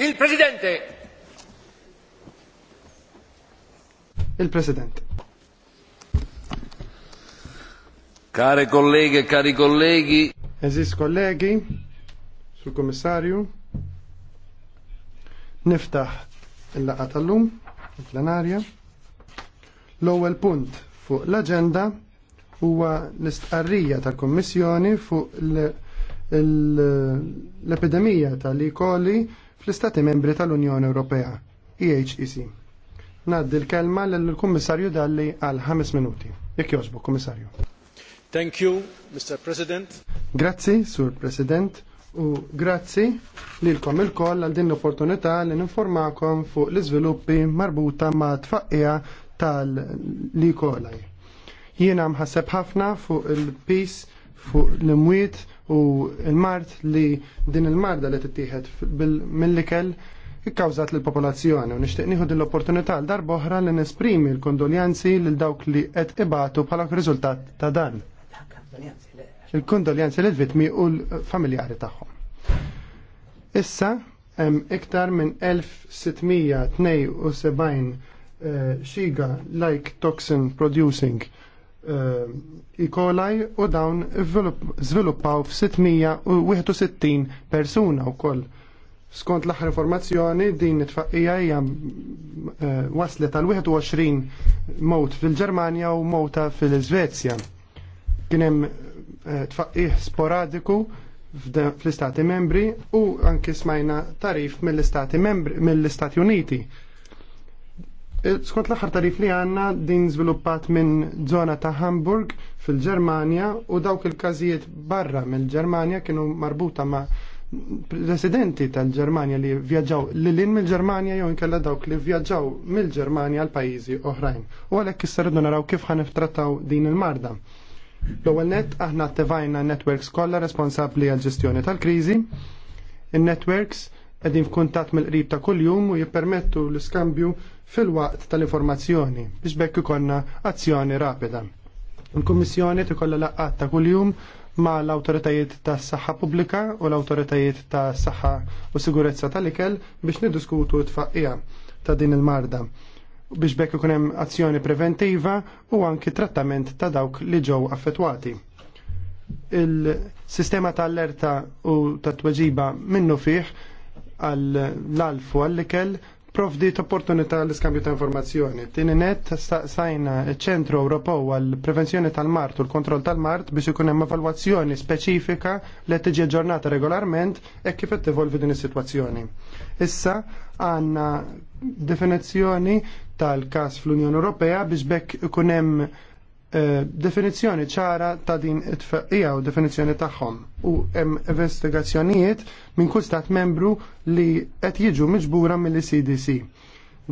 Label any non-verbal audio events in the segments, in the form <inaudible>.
Il-Presidente! Il-Presidente. Care colleghe e cari colleghi. Eżis kollegi, sul kommissarju, niftaħ il-laqa tal-lum, il-plenarja. L-ewwel punt fuq l-agenda huwa l-istqarrija tal-Kommissjoni fuq l-epidemija tal-ikoli fl-Istati membri tal-Unjoni Ewropea, EHEC. Naddi l-kelma l-Kummissarju Dalli għal 5 minuti. Jekk jogħġbu, Kummissarju. Thank you, Mr. President. Grazzi, Sur President, u grazzi lilkom il-koll għal din l-opportunità li n-informakom fuq l-iżviluppi marbuta ma' tfaqqija tal-likolaj. Jiena mħasseb ħafna fuq il-peace fuq l-imwiet u il-mart li din il-marda li tittieħed mill-ikel ikkawżat l-popolazzjoni u nixtieq nieħu din l-opportunità l boħra li nesprimi l-kondoljanzi lil dawk li qed ibatu bħala riżultat ta' dan. Il-kondoljanzi l vitmi u l-familjari tagħhom. Issa hemm iktar minn 1672 xiga eh, like toxin producing Eh, i-kolaj u dawn żviluppaw f-661 persuna wkoll. Skont l-aħħar informazzjoni din it-tfaqqija hija eh, waslet għal 21 mot fil-Ġermanja u mota fil-Svezja. Kien hemm eh, tfaqqih sporadiku fl-Istati membri u anki smajna tarif mill-Istati mill-Istati Uniti Eh, skont l-aħħar tarif li għanna din żviluppat minn zona ta' Hamburg fil-Ġermanja u dawk il-każijiet barra mill-Ġermanja kienu marbuta ma' residenti tal-Ġermanja li vjaġġaw lilin mill-Ġermanja jew inkella dawk li vjaġġaw mill-Ġermanja għal pajjiżi oħrajn. U għalhekk issarridu naraw kif ħaniftrattaw din il-marda. L-ewwel nett aħna attivajna networks kollha responsabbli għall ġestjoni tal-kriżi. In-networks qegħdin fkuntat mill-qrib ta' kuljum u jippermettu l-iskambju fil-waqt tal-informazzjoni biex bekk ikonna azzjoni rapida. Il-Kummissjoni tikolla laqqat ta' kuljum ma' l-autoritajiet ta' saħħa pubblika u l-autoritajiet ta' saħħa u sigurezza tal-ikel biex niddiskutu t-faqqija ta' din il-marda biex bekk ikun hemm azzjoni preventiva u anki trattament ta' dawk li ġew affettwati. Il-sistema ta' allerta u ta' tweġiba minnu fiħ għall-alf u għall-ikel provdit opportunità l-iskambju ta' informazzjoni. Tini net sajna ċentru Ewropew għall-prevenzjoni tal-mart u l-kontroll tal-mart biex ikun hemm evalwazzjoni speċifika li tiġi ġurnata regolarment e kif qed evolvi din is-sitwazzjoni. Issa għandna definizzjoni tal-każ fl-Unjoni Ewropea biex bekk ikun hemm Eh, definizzjoni ċara ta' din it-tfaqija u definizzjoni tagħhom u hemm investigazzjonijiet minn kull stat membru li qed jiġu miġbura mill-CDC.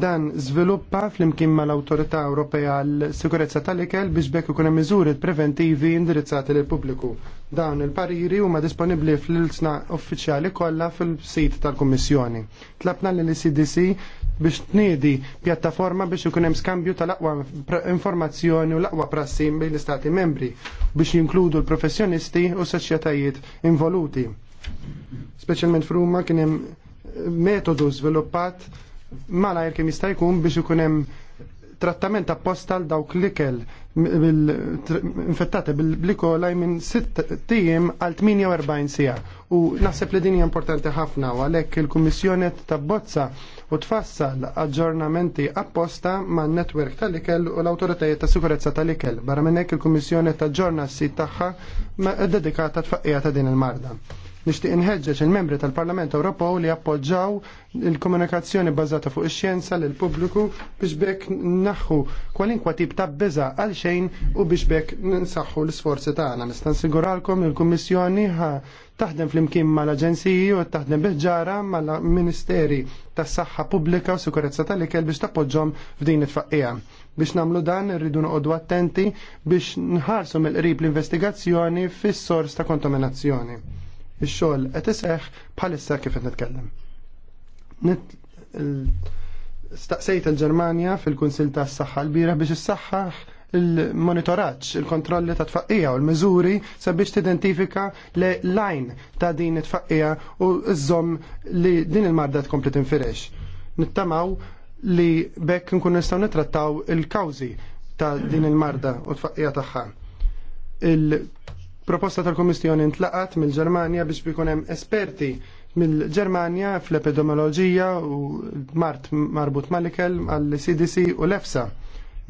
Dan żviluppa flimkien mal-Awtorità Ewropea għal Sikurezza tal-Ikel biex bekk ikun hemm miżuri preventivi indirizzati lil pubbliku. Dawn il-pariri huma disponibbli fl-ilsna uffiċjali kollha fil-sit tal-Kummissjoni. Tlabna lill cdc biex tniedi pjattaforma biex ikun hemm skambju tal-aqwa informazzjoni u l-aqwa prassi bejn l-istati membri biex jinkludu l-professjonisti u s-soċjetajiet involuti. Speċjalment f'Ruma kien hemm eh, metodu żviluppat malajr kien jista' jkun biex ikun hemm trattament apposta l dawk l-ikel bil-infettate bil bliko laj minn 6 tijem għal 48 sija. U naħseb li din hija importanti ħafna u għalhekk il-Kummissjoni Bozza u tfassal aġġornamenti apposta man netwerk tal-ikel u l autoritajiet ta' sikurezza tal-ikel. Barra minn hekk il-Kummissjoni taġġorna s-sit tagħha dedikata tfaqqija ta' din il-marda. Nixtieq inħeġġeġ il-membri tal-Parlament Ewropew li appoġġaw il-komunikazzjoni bbażata fuq ix-xjenza lil pubbliku biex bekk naħħu kwalinkwa tip ta' biża għal xejn u biex bekk ninsaħħu l-isforzi tagħna. Nista' nsiguralkom il-Kummissjoni taħdem flimkien mal-aġenziji u taħdem bil-ġara mal-Ministeri tas saħħa Pubblika u Sikurezza tal-Ikel biex tappoġġhom f'din it-tfaqqija. Biex namlu dan irridu noqogħdu attenti biex nħarsu mill-qrib l-investigazzjoni fis-sors ta' kontaminazzjoni. Ix-xogħol qed iseħħ bħalissa kif qed nitkellem. Staqsejt il-Ġermanja fil-Kunsil tas-Saħħa l-bira biex issaħħaħ il-monitoraċ, il-kontrolli ta' tfaqqija u l-mizuri sabiex t-identifika le lajn ta' din tfaqqija u z-zom li din il-marda tkompli tinfirex. Nittamaw li bekk nkun nistaw nitrattaw il-kawzi ta' din il-marda u tfaqqija tagħha proposta tal-Komissjoni intlaqat mill-Ġermanja biex bikun hemm esperti mill-Ġermanja fl-epidemioloġija u Mart marbut mal-ikel għall-CDC u l-EFSA.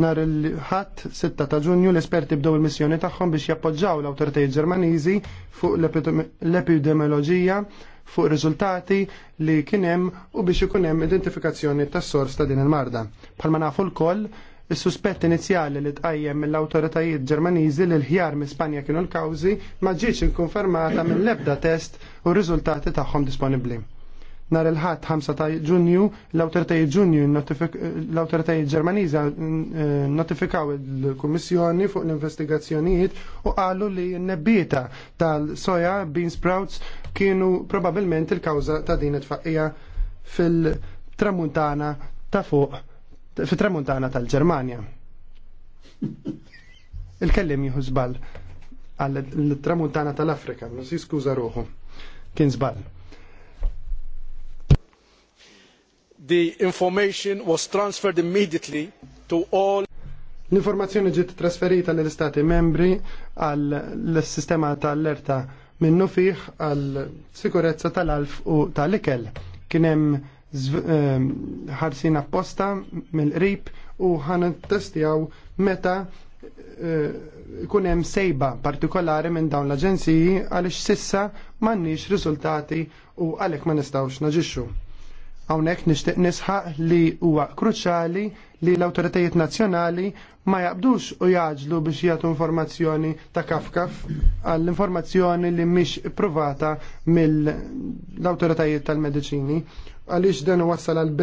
Nar il-ħat 6 ta' ġunju l-esperti bdew il-missjoni tagħhom biex jappoġġaw l-awtoritajiet Ġermaniżi fuq l-epidemioloġija fuq riżultati li kien hemm u biex ikun hemm identifikazzjoni tas-sors ta' din il-marda. Palma nafu l-koll Is-suspett inizjali li tqajjem mill-awtoritajiet Ġermaniżi li l-ħjar minn Spanja kienu l-kawżi ma ġietx ikkonfermata mill-ebda test u r-riżultati tagħhom disponibbli. Nar il-ħadd 5 ta' Ġunju, l-awtoritajiet Ġunju l-awtoritajiet Ġermaniża eh, notifikaw il-Kummissjoni fuq l-investigazzjonijiet u qalu li n-nebbieta tal-soja bean sprouts kienu probabbilment il-kawża ta' din it-tfaqqija fil-tramuntana ta' fuq fit-tramuntana tal-Ġermanja. Il-kellim jieħu żball għall-tramuntana tal-Afrika, si skuża ruħu, kien żball. The information was transferred immediately to all L-informazzjoni ġiet trasferita lill istati membri għall sistema tal-alerta minnu fih għall sikurezza tal-alf u tal-ikel. Kien hemm Ehm, ħarsin apposta mill-qrib u ħan testjaw meta eh, kunem hemm sejba partikolari minn dawn l-aġenziji għaliex sissa m'għandniex riżultati u għalhekk ma nistgħux naġixxu. Hawnhekk nixtieq nisħaq li huwa kruċjali li l-awtoritajiet nazzjonali ma jaqbdux u jaġlu biex jagħtu informazzjoni ta' kafkaf għall-informazzjoni li mhix provata mill-awtoritajiet tal-mediċini għaliex dan wassal għal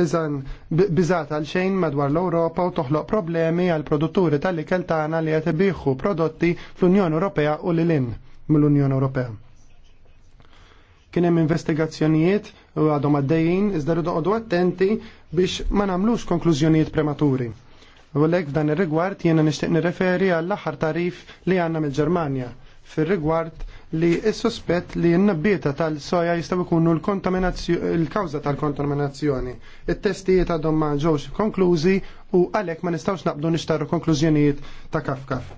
bizat għal xejn madwar l-Ewropa u toħloq problemi għal produtturi tal-ikel tagħna li qed ibiħu prodotti fl-Unjoni Ewropea u lilin mill-Unjoni Ewropea. Kien hemm investigazzjonijiet u għadhom għaddejjin iżda rridu attenti biex ma nagħmlux konklużjonijiet prematuri. U lek f'dan ir-rigward jiena nixtieq nirreferi għall-aħħar tarif li għandna mill-Ġermanja fir-rigward li s-sospett li n-nabbieta tal-soja jistaw ikunu l-kawza tal-kontaminazzjoni. Il-testijiet għadhom ma ġewx konklużi u għalek ma nistawx naqbdu nixtaru konklużjonijiet ta' kafkaf.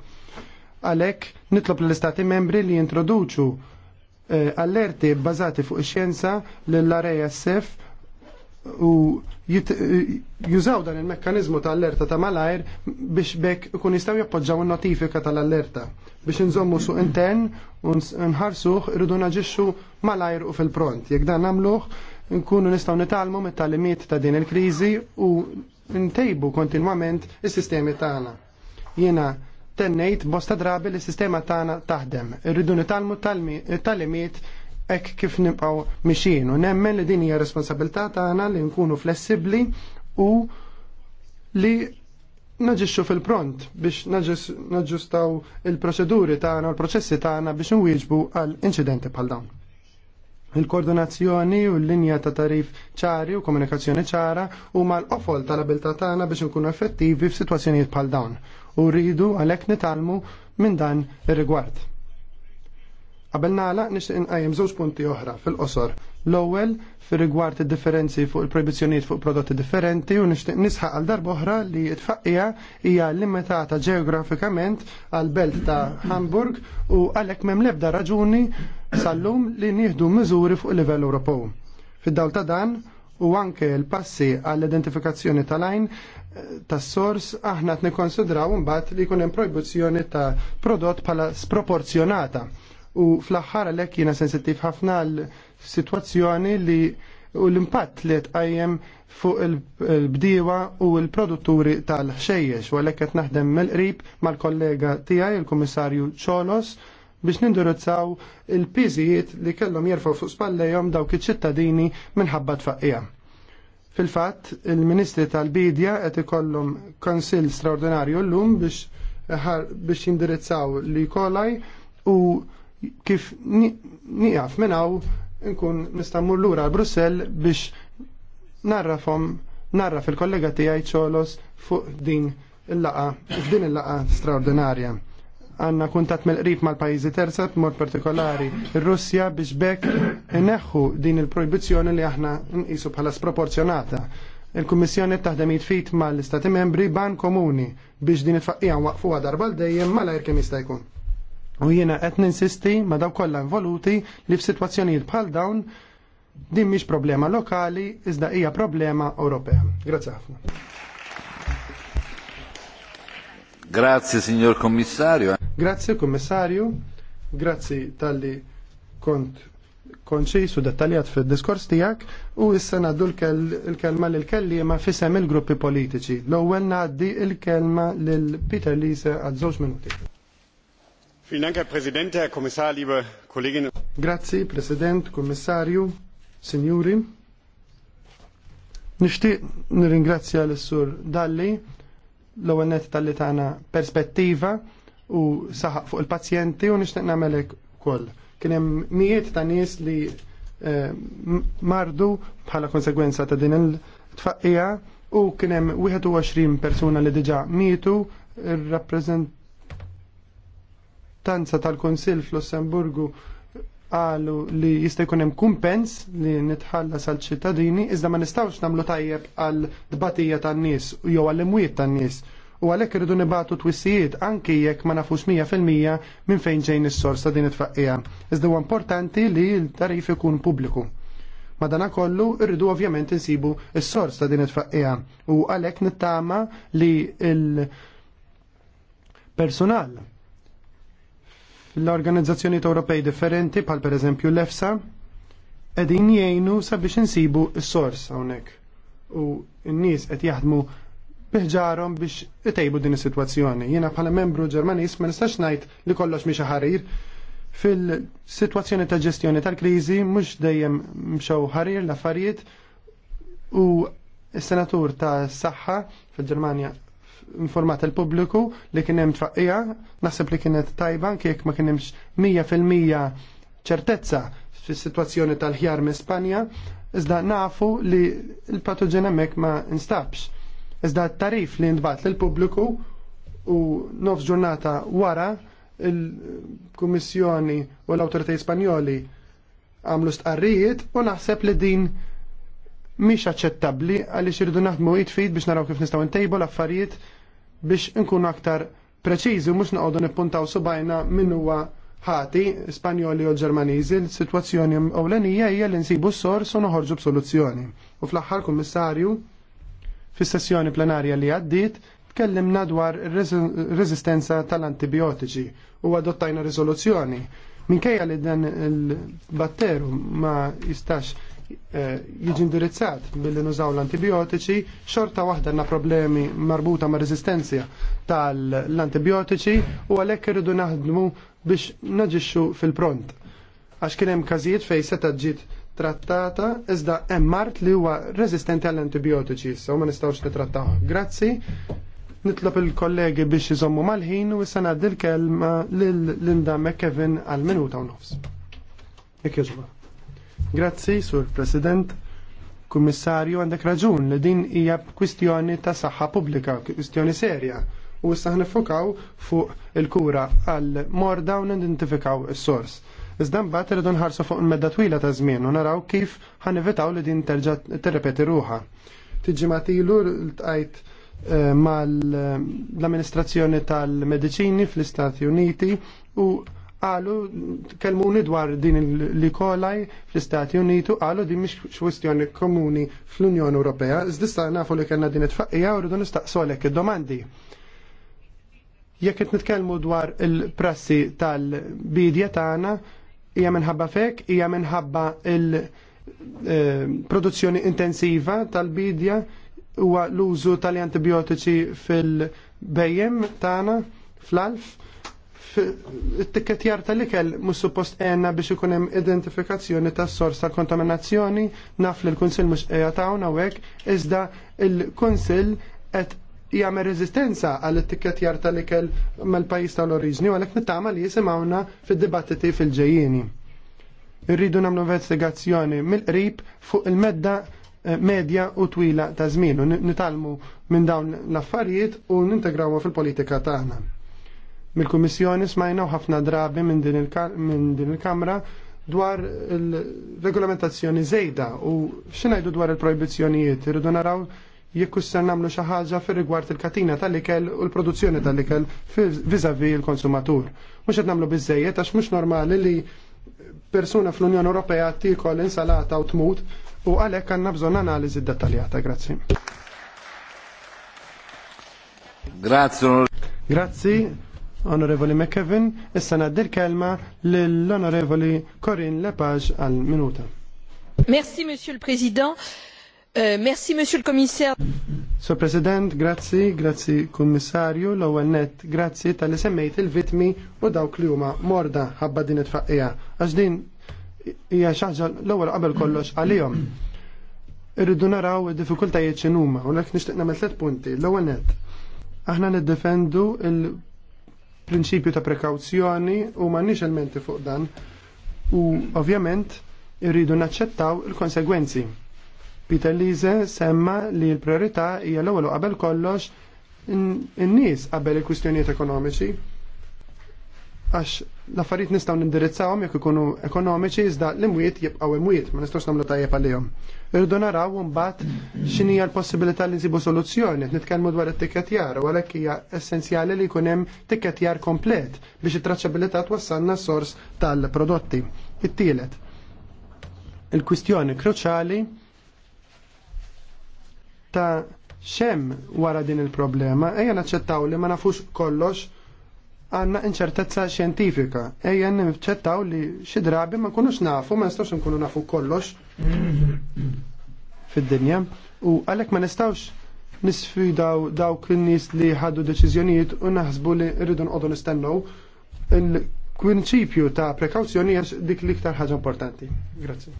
Għalek nitlob l-istati membri li jintroduċu eh, allerti bbażati fuq ix-xjenza lill-RASF u jużaw dan il-mekkanizmu ta' allerta ta' malajr biex bekk kun jistaw jappoġġaw il-notifika tal-allerta biex nżommu su intern u nħarsuħ irridu naġixxu malajr u fil-pront. Jekk dan nagħmluh, nkunu nistaw nitalmu mit-talimiet ta' din il-kriżi u ntejbu kontinwament is-sistemi tagħna. Jiena tennejt bosta drabi li sistema tagħna taħdem. Irridu nitalmu talimiet ek kif nibqaw mixin. U nemmen li din hija responsabilità tagħna li nkunu flessibbli u li naġixxu fil-pront biex naġġustaw il-proċeduri tagħna u l-proċessi tagħna biex nwieġbu għal inċidenti bħal dawn. Il-koordinazzjoni u l-linja ta' tarif ċari u komunikazzjoni ċara u mal-qofol tal-abilità tagħna biex nkunu effettivi f'sitwazzjonijiet bħal dawn. U rridu għalhekk nitalmu minn dan ir-rigward. Qabel nagħlaq nixtieq inqajjem żewġ punti oħra fil-qosor. L-ewwel fir-rigward id-differenzi fuq il-projbizzjonijiet fuq prodotti differenti u nixtieq nisħaq għal darba oħra li t-tfaqqija hija limitata ġeografikament għal belt ta' Hamburg u għalhekk m'hemm l-ebda raġuni sal-lum li nieħdu miżuri fuq il-livell Ewropew. Fid-dawl ta' dan, u anke l-passi għall-identifikazzjoni tal-ajn eh, tas-sors aħna t-nikonsidraw mbagħad li jkun hemm proibizzjoni ta' prodott bħala sproporzjonata u fl-aħħar għalhekk jina sensittiv ħafna l-sitwazzjoni li u l-impatt li tqajjem fuq il-bdiewa u l-produtturi tal-ħxejjex u għalhekk qed naħdem mill-qrib mal-kollega tiegħi il-Kummissarju Ċolos biex nindirizzaw il-piżijiet li kellhom jerfgħu fuq spallejhom dawk iċ-ċittadini minħabba tfaqqija. Fil-fatt, il-Ministri tal-Bidja qed ikollhom konsil straordinarju llum biex biex jindirizzaw li kolaj u kif niqaf minn hawn nkun nista' mmur l Brussell biex narrafom narraf il-kollega tiegħi ċolos fuq din il-laqa, f'din il-laqa straordinarja. Għanna kuntat mill-qrib mal-pajizi terza mod partikolari ir-Russja biex bekk neħħu din il-proibizzjoni li aħna nqisu bħala sproporzjonata. Il-Kummissjoni taħdem jitfit mal-Istati membri ban komuni biex din il faqqija waqfuha darba l-dejjem malajr kemm jista' jkun. U jiena qed ninsisti ma daw kollha involuti li f'sitwazzjonijiet bħal dawn din mhix problema lokali iżda hija problema Ewropea. Grazzi ħafna. Grazzi signor Kommissarju. Grazzi Kommissarju. Grazzi tal-li kont konċis u dettaljat fil diskors tijak u issa naddu l-kelma l-kellima fissem il-gruppi politiċi. L-ewwel naddi l kelma l-Peter Lise għal żewġ minuti. Herr Grazzi, President, Kommissarju, Signuri. Nishtiq nirringrazzja l-Sur Dalli l-ewwel nett tal-li tagħna perspettiva u saħaq fuq il-pazjenti u nixtieq nagħmelek ukoll. Kien hemm mijiet ta' nies li eh, mardu bħala konsegwenza ta' din il-tfaqqija u kien hemm 21 persuna li diġà mietu ir-rappreżent importanza tal-Kunsill fl-Lussemburgu qalu li jista' jkun hemm kumpens li nitħallas għal ċittadini iżda ma nistgħux nagħmlu tajjeb għal dbatija tan-nies jew għall imwiet tan-nies u għalhekk irridu nibatu twissijiet anki jekk ma nafux 100% minn fejn ġejn is sorsa din it-tfaqqija. Iżda huwa importanti li l-tarif ikun pubbliku. Madanakollu irridu ovvjament insibu is-sors ta' din it-tfaqqija u għalhekk nittama li il- personal l-organizzazzjoni Ewropej differenti per pereżempju l-EFSA qegħdin jgħinu sabiex insibu s-sors hawnhekk u n-nies qed jaħdmu biħġarhom biex itejbu din is-sitwazzjoni. Jiena bħala membru Ġermaniż ma nistax ngħid li kollox mhix ħarir fil-sitwazzjoni ta' ġestjoni tal-kriżi mhux dejjem mxew ħarir l-affarijiet u s-senatur ta' saħħa fil-Ġermanja informat il-pubbliku li kien hemm nasib naħseb li kienet tajba anke ma kien hemmx fil ċertezza fis-sitwazzjoni tal-ħjar minn Spanja, iżda nafu li l patogena mek ma instabx. Iżda t-tarif li ntbat lill pubbliku u nofs ġurnata wara il-Kummissjoni u l-Awtoritajiet Spanjoli għamlu stqarrijiet u naħseb li din mhix aċċettabbli għaliex irridu naħdmu it-fid biex naraw kif nistgħu ntejbu l-affarijiet biex nkun aktar preċiżi u mhux noqogħdu nippuntaw subajna min huwa ħati Spanjoli u Ġermaniżi l-sitwazzjoni ewlenija hija li nsibu s-sors u noħorġu b'soluzzjoni. U fl-aħħar kummissarju fis-sessjoni plenarja li għaddiet tkellimna dwar ir-reżistenza tal-antibiotiċi u adottajna riżoluzzjoni. Minkejja li dan il-batteru ma jistax Eh, jiġi indirizzat billi nużaw l-antibiotiċi, xorta waħda għandna problemi marbuta ma' rezistenzja tal-antibiotiċi u għalhekk irridu naħdmu biex naġixxu fil-pront. Għax kien hemm każijiet fejn seta' ġiet trattata iżda hemm li huwa resistenti għall-antibiotiċi, so ma nistgħux nitrattaw. Grazzi. Nitlob il-kollegi biex jizommu mal-ħin u s-sana l kelma l-Linda McKevin għal-minuta u nofs. Ekk Grazzi, Sur President. Kummissarju, għandek raġun li din hija kwistjoni ta' saħħa pubblika, kwistjoni serja. U issa nifokaw fuq il-kura għal morda u nidentifikaw is-sors. Iżda mbagħad irridu nħarsu fuq il-medda twila ta' żmien u naraw kif ħanivitaw li din terġa' tirrepeti ruha. Tiġi matilu l-tqajt eh, mal-amministrazzjoni eh, tal-medicini fl-Istati Uniti u qalu kelmuni dwar din li kolaj fl-Istati Unitu qalu din mhix kwistjoni komuni fl-Unjoni Ewropea, Zdista nafu li kellna din it faqija u rridu nistaqsu għalhekk id-domandi. Jekk qed nitkellmu dwar il-prassi tal-bidja tagħna, hija minħabba fek, hija minħabba il-produzzjoni eh, intensiva tal-bidja huwa l-użu tal-antibiotiċi fil-bejjem tagħna fl-alf it jarta tal-ikel mhux suppost għenna biex ikun hemm identifikazzjoni tas-sors tal-kontaminazzjoni, naf li l-Kunsill mhux qiegħed ta' hawnhekk, iżda l-Kunsill qed jagħmel reżistenza għall jarta tal-ikel mal-pajjiż tal-oriġni u għalhekk nittama li jisimgħuna fid-dibattiti fil ġejjeni Irridu nagħmlu investigazzjoni mill-qrib fuq il-medda eh, medja u twila ta' żmien u nitalmu minn dawn l-affarijiet u nintegrawha fil-politika tagħna. Mill-Kummissjoni smajna ħafna drabi minn din il-Kamra dwar il-regolamentazzjoni zejda u xinajdu dwar il-projbizjonijiet, irridu naraw jekk ser namlu xi ħaġa fir-rigward il-katina tal-ikel u l-produzzjoni tal-ikel viżavi l-konsumatur. Mhux qed nagħmlu biżejjed għax mhux normali li persuna fl-Unjoni Ewropea tikol insalata u tmut u għalhekk għandna bżonn analiżi dettaljata. Grazzi. Grazzi. Grazzi. Onorevoli McKevin, issa naddir kelma l-Onorevoli Corinne Lepage għal minuta. Merci, Monsieur le Président. Uh, merci, Monsieur le Commissaire. So, President, grazzi, grazzi, Kommissarju, l-ewwel net, grazzi tal-li semmejt il-vitmi u dawk li huma morda ħabba din it-faqqija. Għax din hija xaġa l-ewwel qabel kollox għalihom irridu naraw id-diffikultajiet x'inhuma u lek nixtieq nagħmel tliet punti. L-ewwel net. Aħna niddefendu il prinċipju ta' prekawzjoni u m'għandniex elmenti fuq dan u ovvjament irridu naċċettaw il-konsegwenzi. Peter Lise semma li l-priorità hija l-ewwel qabel kollox in-nies qabel il-kwistjonijiet ekonomiċi għax l-affarijiet nistgħu nindirizzawhom jekk ikunu ekonomiċi iżda l-imwiet jibqgħu imwiet ma nistgħux nagħmlu tajjeb għalihom. Irridu naraw mbagħad x'inhi l-possibilità li nsibu soluzzjoni, nitkellmu dwar it-tikketjar, u għalhekk hija essenzjali li jkun hemm tikketjar komplet biex it-traċċabilità twassalna s-sors tal-prodotti. It-tielet. Il-kwistjoni kruċali ta' xem wara din il-problema, ejja naċċettaw li ma nafux kollox għanna inċertezza xjentifika. Ejja nċettaw li xi drabi ma nkunux nafu, ma nistax nkunu nafu kollox fid-dinja u għalek ma nistawx nisfidaw dawk in-nies li ħaddu deċiżjonijiet u naħsbu li rridu nqodu nistennu il-prinċipju ta' prekawzjoni għax dik li ktar ħaġa importanti. Grazie.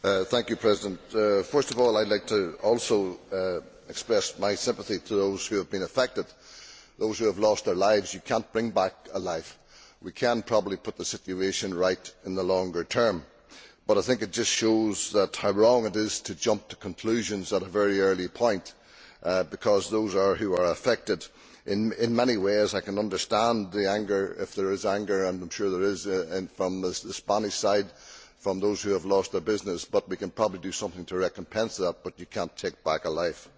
Uh, thank you, President. Uh, first of all, I'd like to also uh, express my sympathy to those who have been affected, those who have lost their lives. You can't bring back a life. We can probably put the situation right in the longer term but I think it just shows how wrong it is to jump to conclusions at a very early point, uh, because those are who are affected. In, in, many ways, I can understand the anger, if there is anger, and I am sure there is, uh, from the, the Spanish side, from those who have lost their business, but we can probably do something to recompense that, but you can't take back a life.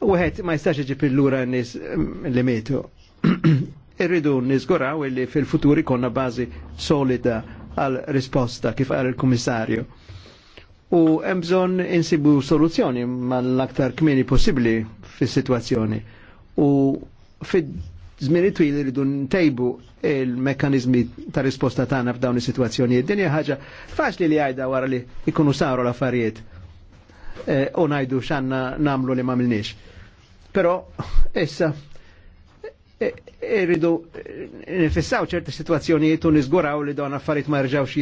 ma lura um, li <clears throat> Irridu li fil solida għal risposta kif għal il komissarju U hemm bżonn insibu soluzzjoni mal-aktar kmini possibbli fis situazzjoni U fid Zmini twil rridu ntejbu il-mekanizmi ta' risposta tagħna f'dawn is-sitwazzjonijiet. Din hija ħaġa faċli li għajda wara li jkunu saru l-affarijiet eh, u ngħidu x'għandna nagħmlu li ma milniex. Però issa irridu nifissaw ċerti situazzjonijiet u nizguraw li dawn affarijiet ma jirġawx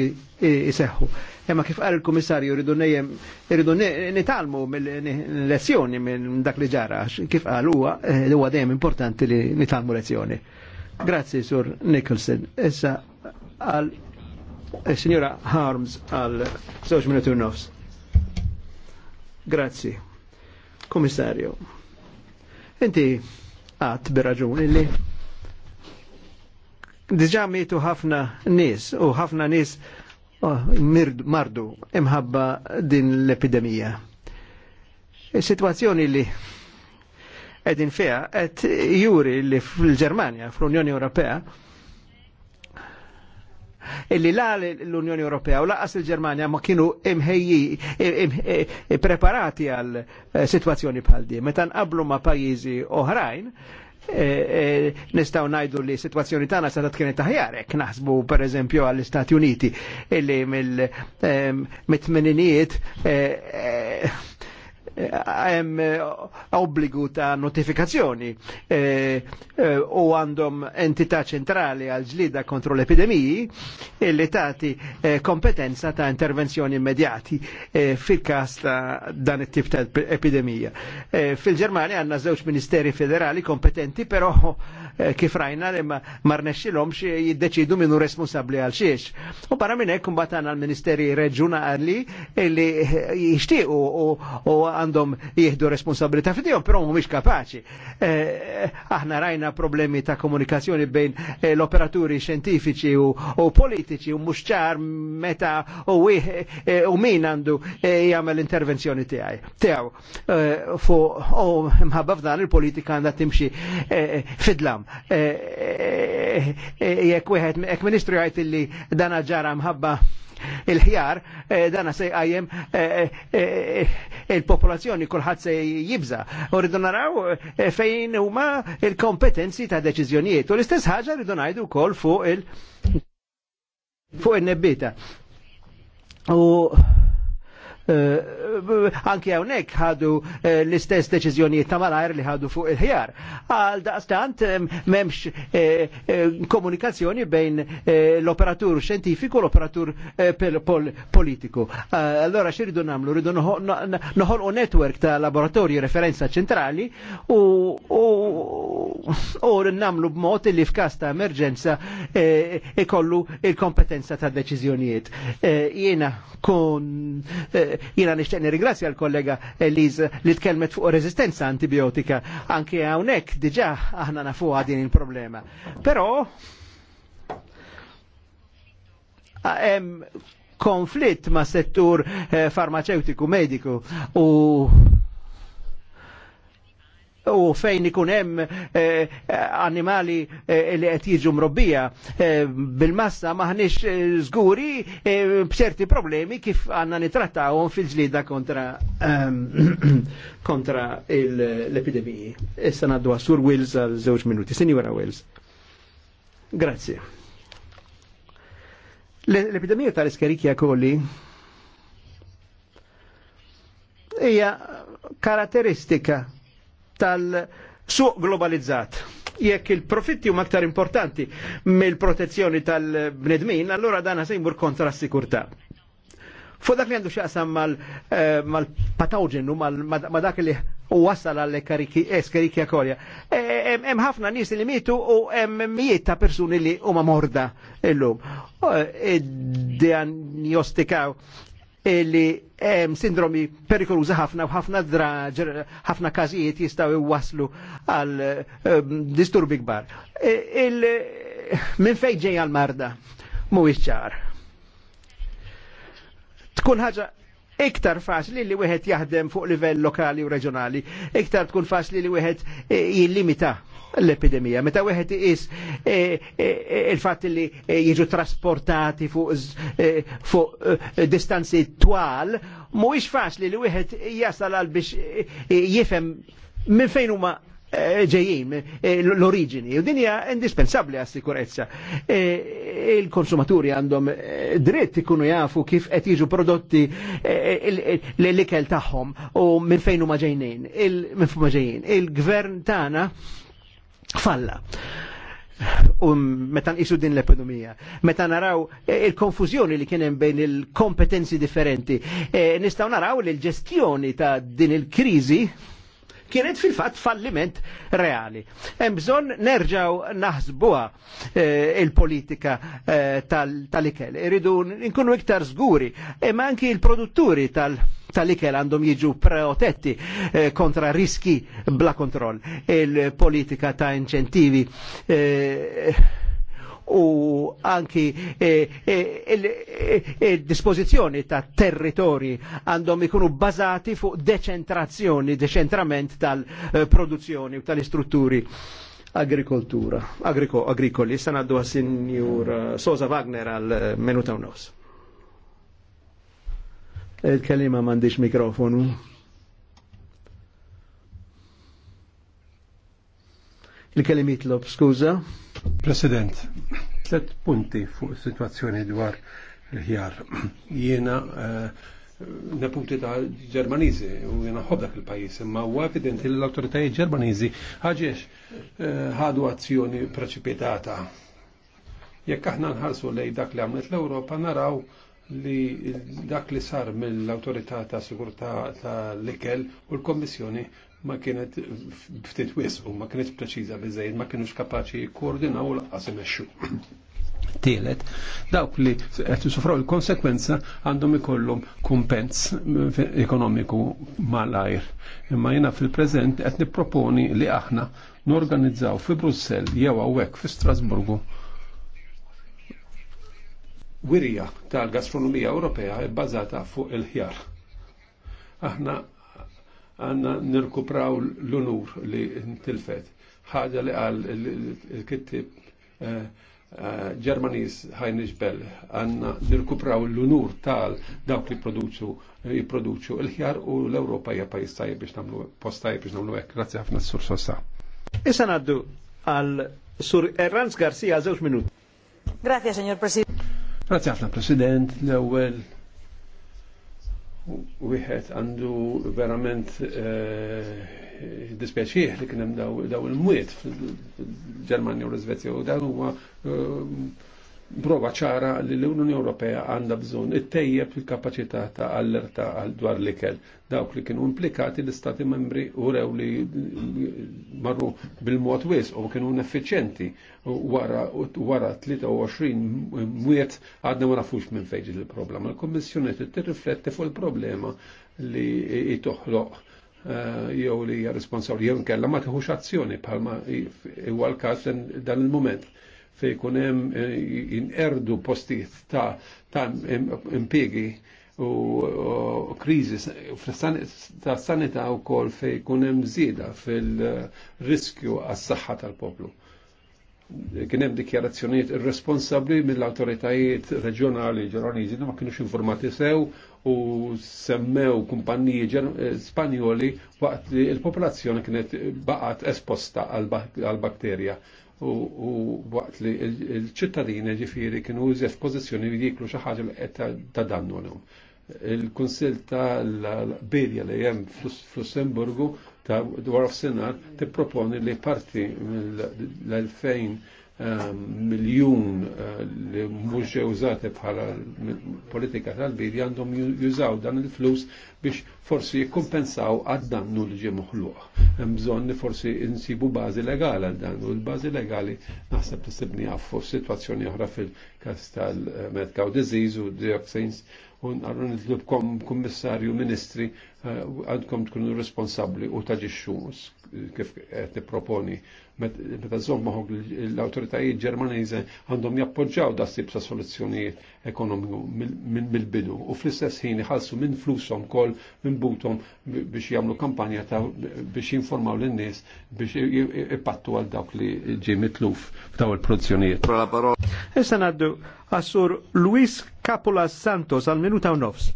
jiseħħu. Imma kif qal il-Kummissarju rridu nejjem irridu nitalmu mill-lezzjoni minn dak li ġara, kif qal huwa eh, huwa dejjem importanti li nitalmu lezzjoni. Grazzi sur Nicholson. Issa għal eh, Signora Harms għal żewġ minuti nofs. Grazzi. Kummissarju. Inti għat biraġun illi. diġa mietu ħafna nis u ħafna nis oh, mardu imħabba din l-epidemija. Situazzjoni li edin fija, et juri li fil-Germania, fl-Unjoni Ewropea, illi la l-Unjoni Ewropea u laqas il-Ġermanja ma kienu imħejji preparati għal eh, situazzjoni bħal di. Meta nqablu ma' pajjiżi oħrajn, E, e, nistaw najdu li situazzjoni tana sa kienet taħjarek, naħsbu per eżempju għall-Istati Uniti, illi mill-tmeninijiet e, hemm eh, obbligu ta' notifikazzjoni eh, eh, u għandhom entità ċentrali għal ġlida kontro l-epidemiji li tagħti kompetenza ta' intervenzjoni immedjati fil kas ta' dan it-tip ta' epidemija. fil ġermania għandna żewġ ministeri federali kompetenti, però Eh, kif rajna li ma xi jiddeċidu minnu responsabbli għal xiex. U barra minn hekk mbagħad għandna l-Ministeri Reġjunali li jixtiequ u għandhom jieħdu responsabilità fidejhom, però mhumiex kapaċi. Eh, aħna rajna problemi ta' komunikazzjoni bejn eh, l-operaturi xjentifiċi u politiċi u mhux ċar meta u min għandu jagħmel intervenzjoni tiegħi. Tiegħu fuq u mħabba f'dan il-politika għandha timxi fidlam. Eh, eh, eh, jekk wieħed jekk ministru jgħid illi dana ġara mħabba il-ħjar, dana se jgħajem il-popolazzjoni kullħat se jibza. U rridu naraw fejn huma il-kompetenzi ta' deċiżjonijiet. U l-istess ħaġa rridu ngħidu wkoll fuq il- fuq il-nebbita. U Eh, anki hawnhekk ħadu eh, l-istess deċiżjonijiet ta' malajr li ħadu fuq il-ħjar. Għal daqstant eh, m'hemmx komunikazzjoni bejn l-operatur xjentifiku u l-operatur politiku. Allora xiridu nagħmlu rridu noħolqu network ta' laboratorji referenza ċentrali u nagħmlu b'mod li f'każ ta' emerġenza ikollu il-kompetenza ta' deċiżjonijiet. Jiena kun jina nishtiq nirringrazzja l-kollega Eliz li tkellmet fuq rezistenza antibiotika. Anki hawnhekk diġà aħna nafu din il-problema. Però hemm konflitt ma' settur eh, farmaceutiku mediku u u fejn ikun hemm eh, animali eh, li qed jiġu mrobbija eh, bil-massa maħniex eh, żguri eh, b'ċerti problemi kif għandna nitrattawhom fil-ġlida kontra ehm, <clears throat> kontra l-epidemiji. Issa ngħaddu għasur Wills għal żewġ minuti. Sinjura Wills. Grazie. L-epidemija tal-iskerikja kolli hija karatteristika tal-suq globalizzat. Jekk il-profitti huma aktar importanti mill-protezzjoni tal-bnedmin, allora dan se jmur kontra s-sikurtà. Fu dak li għandu xaqsam eh, mal-patogenu, ma dak li wasal għal eskerikja eh, kolja. Hemm eh, ħafna nies li mitu u hemm mijiet ta' persuni li huma morda illum. Diagnostikaw li hemm sindromi perikoluża ħafna u ħafna draġer, ħafna każijiet jistgħu jwaslu għal ehm, disturbi kbar. E, minn fejn ġej għal-marda mhuwiex ċar. Tkun ħaġa iktar faċli li wieħed jaħdem fuq livell lokali u reġjonali, iktar tkun faċli li wieħed jillimita l-epidemija. Meta wieħed is eh, eh, eh, il-fatt li jiġu trasportati fuq distanzi twal, mhuwiex faċli li wieħed jasal għal biex jifhem minn fejn huma ġejjin, l-oriġini. U dinja indispensabbli għas sikurezza. Il-konsumaturi għandhom dritt ikunu jafu kif qed jiġu prodotti l-ikel tagħhom u minn fejn huma ġejjin. Il-gvern tagħna falla. U um, meta nqisu din l-ekonomija, meta naraw e, il-konfużjoni li kien hemm bejn il-kompetenzi differenti, e, nistgħu naraw li l-ġestjoni ta' din il-kriżi kienet fil fat falliment reali. Hemm bżonn nerġgħu naħsbuha e, il-politika e, tal-ikel. Iridu nkunu iktar żguri, imma anki il-produtturi tal-, -tal tal-ikel għandhom jiġu protetti eh, kontra riski bla kontroll. Il-politika ta' inċentivi eh, u anki eh, il-dispozizjoni ta' territori għandhom ikunu bazati fuq deċentrazzjoni, deċentrament tal-produzzjoni u tal-istrutturi agrikoltura, agrikoli. Issa għaddu għas Sosa Wagner għal menuta u Il-kelima mandiċ mikrofonu. il kelima jitlob, skuza. President, tlet punti fuq situazzjoni dwar l ħjar Jiena uh, eh, neputi ta' ġermanizi u jena ħobdak il-pajis, imma u evident l-autoritajiet ġermanizi ħagġiex eh, ħadu azzjoni preċipitata. Jekk aħna nħarsu lej dak li għamlet l-Europa naraw li dak li sar mill-autorità ta' sigurtà ta' l-ikel u l-Kommissjoni ma kienet ftit wis u ma kienet preċiża biżejjed, ma kienux kapaċi jikkoordinaw laqqas imexxu. Tielet, dawk li qed isufraw il-konsekwenza għandhom ikollhom kumpens ekonomiku malajr. Imma jiena fil-preżent qed nipproponi li aħna norganizzaw fi Brussell jew hawnhekk fi Strasburgu wirja tal-gastronomija Ewropea e bazata fuq il-ħjar. Aħna għanna nirkupraw l-unur li tilfet. ħaġa li għal il-kittib eh, eh, Ġermanis Heinrich Bell għanna nirkupraw l-unur tal dawk li produċu eh, jiproduċu il-ħjar u l ewropa hija pajis tajjeb biex namlu post biex namlu hekk. Grazie għafna s-sur sossa. Issa ngħaddu għal Sur Erranz Garcia żewġ minut. Grazie, signor Presidente. Grazie ħafna President, l-ewwel wieħed għandu verament eh, dispjaċih li kien hemm daw il-mwiet fil-Ġermanja u l-Iżvezja u dan huwa eh, prova ċara li l-Unjoni Ewropea għandha bżonn ittejjeb il-kapaċità ta' allerta għal dwar l-ikel. Dawk li kienu implikati l-Istati membri u rew li marru bil-mod wis u kienu effiċjenti wara 23 mwiet għadna ma nafux minn fejġi il problema Il-Kommissjoni tirrifletti fuq il-problema li jitoħloq eh, jew li hija responsabbli jew inkella ma teħux azzjoni bħalma huwa l-każ dan il-mument fej kunem eh, erdu postijiet ta' ta' impiegi u krizi ta' sanita u kol fej kunem zida fil-riskju għas-saxħa tal-poplu kien hemm dikjarazzjonijiet irresponsabbli mill-awtoritajiet reġjonali ġeroniżi ma kienux informati sew u semmew kumpanniji eh, Spanjoli waqt li l-popolazzjoni kienet baqat esposta għall bakterja u waqt li l-ċittadini ġifiri kienu użjef pozizjoni li jiklu xaħġa li qed ta' dannu l il kunsill tal-Birja li jem fl-Lussemburgu ta' dwar f'sinar tipproponi li parti l-2000 Um, miljun uh, li mhux użati bħala politika tal-biri għandhom jużaw dan il-flus biex forsi jikkumpensaw għad-dannu li ġie moħluq. Hemm bżonn forsi insibu bażi legali għal dan u l-bażi legali naħseb tistibni għaffu situazzjoni oħra fil każ tal-Medcow Disease u Dioxins u nqarru nitlubkom kummissarju ministri uh, għandkom tkunu responsabbli u taġixxu kif qed proponi meta żomm maħog l-awtoritajiet Ġermanize għandhom jappoġġaw da tip ta' soluzzjonijiet ekonomiku mill-bidu u fl-istess ħin jħalsu minn flushom kol minn butom biex jagħmlu kampanja ta' biex jinformaw lin-nies biex ipattu għal dawk li ġie mitluf f'daw il-produzzjonijiet. Issa ngħaddu għassur Luis Capula Santos għal minuta u nofs.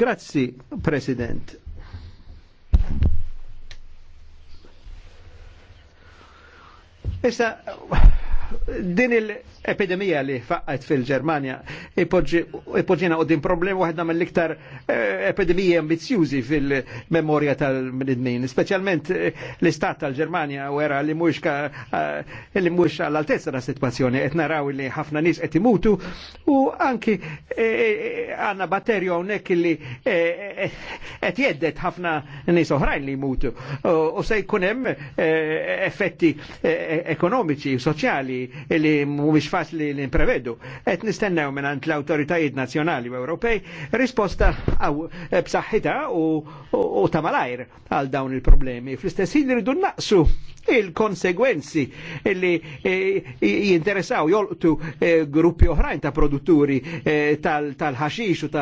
Grazzi, President Issa, din il-epidemija li faqqet fil-Germania ipoġġina u din problem waħda mill-iktar eh, epidemija ambizjużi fil-memoria tal mnidmin specialment eh, l-istat tal-Germania u era li mux eh, li mux għall-altezza ta' situazzjoni, et naraw li ħafna nis et imutu u anki għanna e, batterju għonek li et jeddet ħafna nis oħrajn li imutu u se jkunem effetti ekonomiċi, soċjali li mhumiex faċli li nprevedu. Qed nistennew għand l-awtoritajiet nazzjonali u Ewropej risposta għaw e, b'saħħitha u ta' malajr għal dawn il-problemi. Fl-istess ħin irridu naqsu il-konsegwenzi li eh, jinteressaw jolqtu eh, gruppi oħrajn ta' produtturi eh, tal-ħaxix u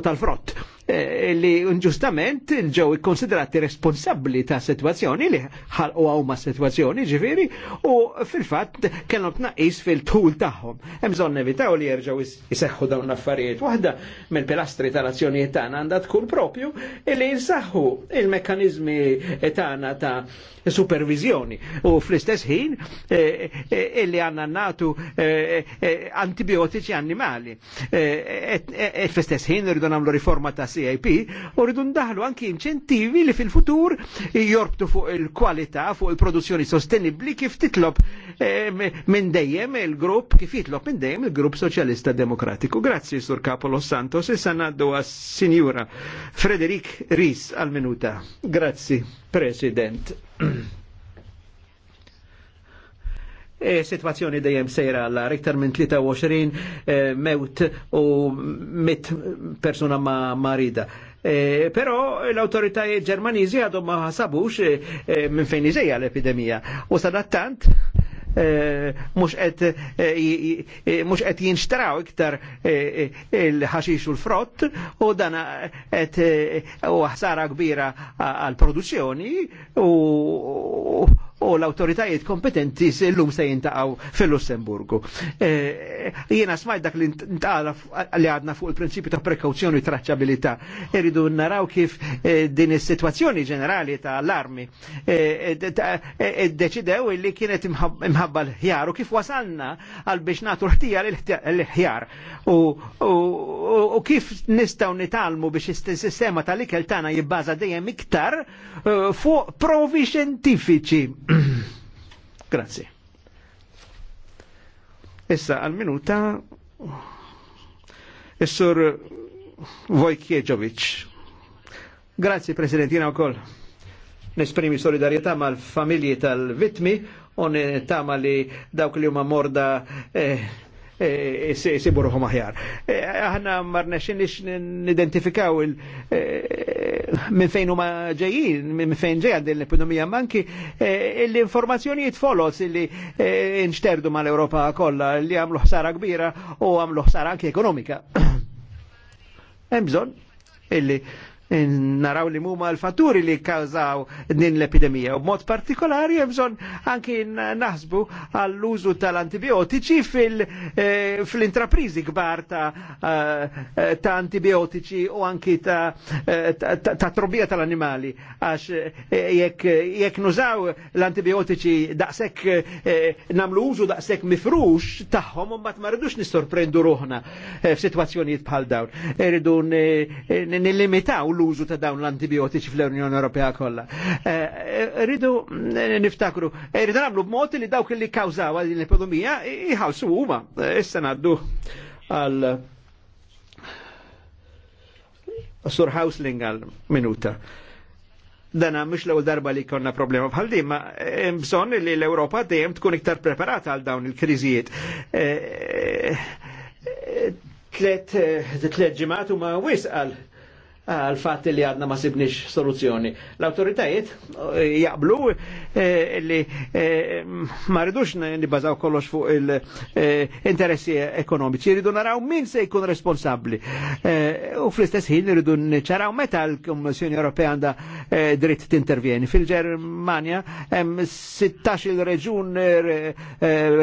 tal-frott li ġustament ġew ikkonsiderati responsabbli ta' situazzjoni li u għawma situazzjoni ġifiri u fil-fatt kellhom tnaqis fil-tul tagħhom. Hemm bżonn nevitaw li jerġgħu jseħħu dawn l-affarijiet. Waħda mill-pilastri tal-azzjonijiet tagħna għandha tkun propju li jinsaħħu il-mekkaniżmi tagħna ta' supervizjoni u fl-istess ħin eh, eh, illi għanna natu eh, antibiotiċi animali. Fl-istess ħin rridu namlu riforma ta' CIP u rridu ndaħlu anki inċentivi li fil-futur jorbtu fuq il-kwalità, fuq il-produzzjoni sostenibli kif titlob minn dejjem il-grupp, kif jitlob minn dejjem il-grupp Soċjalista Demokratiku. Grazzi, Sur Kapolo Santos, issa naddu għas Sinjura Frederik Ris għal-minuta. Grazzi, President. E situazzjoni dejjem sejra għalla iktar minn 23 e, mewt u mit persuna ma marida. E, però pero l-autoritajiet ġermaniżi għadhom ma ħasabux e, minn fejn iżejja l-epidemija. U sadattant, Eh, mux eh, qed jinxtraw iktar eh, il-ħaxix u l-frott u dan qed u ħsara kbira għal-produzzjoni u u l-autoritajiet kompetenti l-lum se jintaqaw fil-Lussemburgu. Eh, jiena smajt dak li ntaqala li għadna fuq il-prinċipju ta' prekawzjoni traċċabilità. Iridu naraw kif eh, din is-sitwazzjoni ġenerali ta' allarmi eh, deċidew li kienet imħabba l-ħjar u kif wasalna għal biex natu ħtija l-ħjar u kif nistaw nitalmu biex is-sistema tal-ikel tagħna jibbaża dejjem iktar fuq provi xentifiċi. Grazie. Issa għal-minuta Is-sur Vojkieġovic. Grazie Presidentina jina u koll. Nesprimi solidarieta mal-familji tal-vitmi un tama li dawk li huma morda eh, jisibu ruħu maħjar. Aħna marna nix nidentifikaw minn fejn huma ġejjin, minn fejn ġejja din l-ekonomija manki eh, l informazzjoni folos li eh, nxterdu mal-Europa kollha li għamlu ħsara kbira u għamlu ħsara anki ekonomika. <clears throat> Hemm bżonn illi naraw li muma l-fatturi li kawzaw din l-epidemija. U mod partikolari jemżon anki naħsbu għall-użu tal-antibiotiċi eh, fil-intraprizi kbar eh, eh, ta' antibiotiċi u anki ta' trobija tal-animali. Għax jekk nużaw l-antibiotiċi daqsek namlu użu daqsek mifrux taħħom un bat marridux nistorprendu ruħna f f'sitwazzjonijiet bħal dawn. Eridu nillimitaw l-użu ta' dawn l-antibiotiċi fl-Unjoni Ewropea kollha. Eh, eh, rridu eh, niftakru, rridu nagħmlu b'mod li dawk li kawżaw din l-epidemija jħallsu huma. Issa ngħaddu għal Sur Hausling għal minuta dana mux l-ewwel darba li konna problema bħal din, ma hemm bżonn li l-Ewropa dejjem tkun iktar preparata għal dawn il-kriżijiet. Tlet tlet ġimgħat huma wisq għal għal fat li għadna ma sibnix soluzzjoni. L-autoritajiet eh, jaqblu eh, li eh, ma ridux nibbażaw kollox fuq il-interessi ekonomiċi, rridu naraw min se jkun responsabli. U fl-istess ħin rridu nċaraw meta l-Kommissjoni Ewropea għanda dritt t-intervjeni. fil germania 16 reġun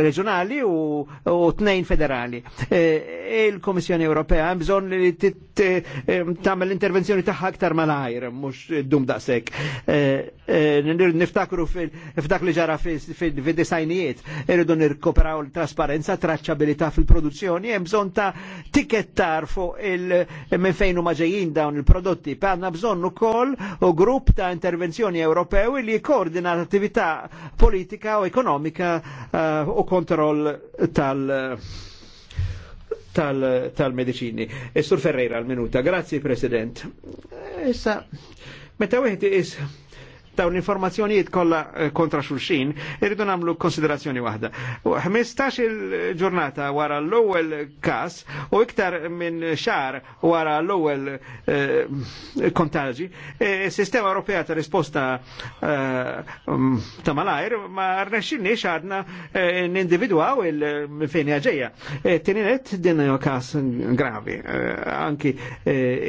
reġunali u 2 federali. Il-Kommissjoni Ewropea bżon bżonn li tagħmel intervjeni l-intervenzjoni tagħha aktar malajr, mhux dum daqshekk. Eh, eh, niftakru f'dak li ġara fid-disajnijiet, irridu nirkoperaw l-trasparenza, traċċabilità fil-produzzjoni, hemm bżon ta' tikettar fuq il minn fejn huma ġejjin dawn il-prodotti. Għandna bżonn ukoll u grupp ta' intervenzjoni Ewropew li jkoordina l-attività politika u ekonomika eh, u kontroll tal- tal-medicini. Tal e Sur Ferreira, al minuta Grazie, President. Issa, meta wieħed is dawn l-informazzjonijiet kolla eh, kontra xulxin, irridu namlu konsiderazzjoni wahda. 15 il-ġurnata wara l ewel kas u iktar minn xar wara l ewel eh, kontagi, kontaġi, eh, sistema Ewropea ta' risposta mm, ta' malajr ma rnexxinniex xadna n nindividwaw il-fejn ġejja. Tininet din kas gravi, anki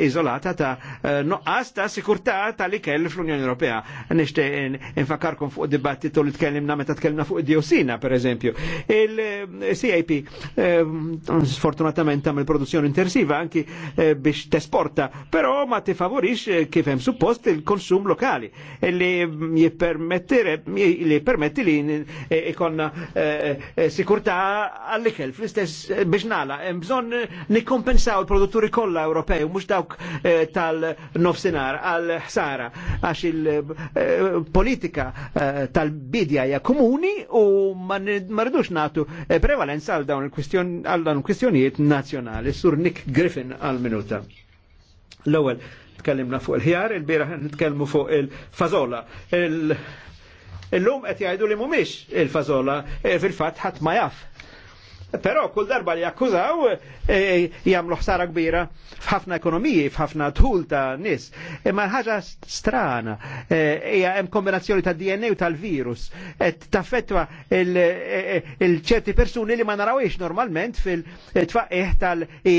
izolata ta' noqqas ta' sikurta tal-ikel fl-Unjoni Ewropea nishtiq infakarkom fuq dibattitu li tkellimna meta tkellimna fuq id-diosina, per eżempju. Il-CIP, eh, eh, sfortunatament tam il-produzzjoni intensiva anki eh, biex tesporta, però ma tifavorix kif hemm suppost il-konsum lokali, e li jippermetti li ikonna sikurta għall-ikel fl-istess biex nala. Bżon nikompensaw il-produtturi kollha Ewropej, mhux dawk tal-nofsinar għal-ħsara, għax politika eh, tal-bidja ja komuni u ma rridux nagħtu eh, prevalenza għal dawn il-kwistjonijiet nazzjonali. Sur Nick Griffin għal minuta. L-ewwel tkellimna fuq il-ħjar, il-bieraħ nitkellmu fuq il-fażola. lum qed jgħidu li mhumiex il-fażola eh, fil-fatt ħadd ma jaf Però kull darba li jakkużaw e, jagħmlu ħsara kbira f'ħafna ekonomiji, f'ħafna tul ta' nis. Imma e, ħaġa strana hija e, hemm kombinazzjoni ta' DNA u tal-virus qed taffettwa e, e, il-ċerti persuni li ma narawiex normalment fil-tfaqqih tal-E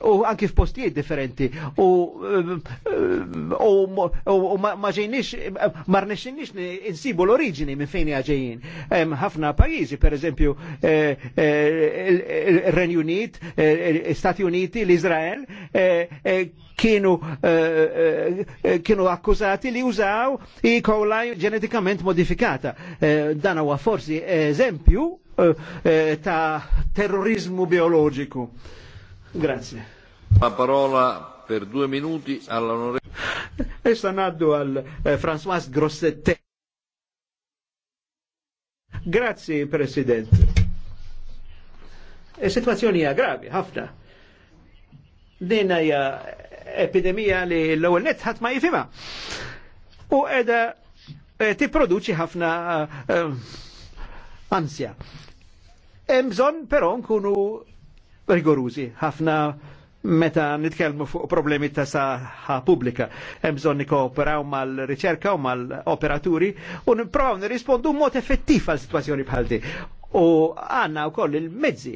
u anki f'postijiet differenti u eh, eh, eh, u ma ġejniex ma rnexxinniex insibu l-oriġini minn fejn ġejjin. Hemm ħafna pajjiżi pereżempju il renju Unit, Stati Uniti, l-Iżrael kienu kienu akkużati li użaw i coli ġenetikament modifikata. Dan huwa forsi eżempju ta' terrorizmu biologiku. Grazie. La parola per due minuti all'onorevole. Issa e al eh, François Grossette. Grazie, Presidente. Il-situazzjoni e hija gravi, ħafna. Dina ja epidemija li l-ewwel net ma jifima. U edha eh, ti produċi ħafna uh, eh, ansja. Hemm bżonn però nkunu rigorużi ħafna meta nitkellmu fuq problemi ta' saħħa pubblika. Hemm bżonn nikkooperaw mal-riċerka u mal-operaturi u nipprovaw nirrispondu mod effettiv għal situazzjoni bħal din. U għandna wkoll il-mezzi.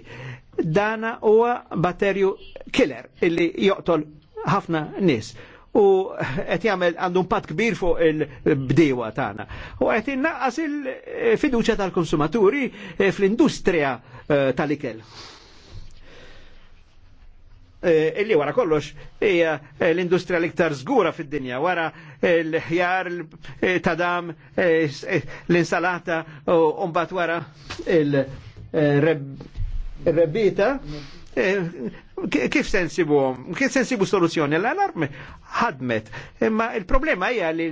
Dana huwa batterju killer illi joqtol ħafna nies u qed jagħmel għandu impatt kbir fuq il-bdewa tagħna. U qed innaqqas il-fiduċja tal-konsumaturi eh, fl-industrija eh, tal-ikel. Eh, illi wara kollox hija eh, l-industrija l-iktar żgura fid-dinja wara eh, l-ħjar tadam l-insalata u mbagħad wara il-rebbita kif sensibu, kif sensibu soluzzjoni? L-alarm ħadmet, imma il-problema hija li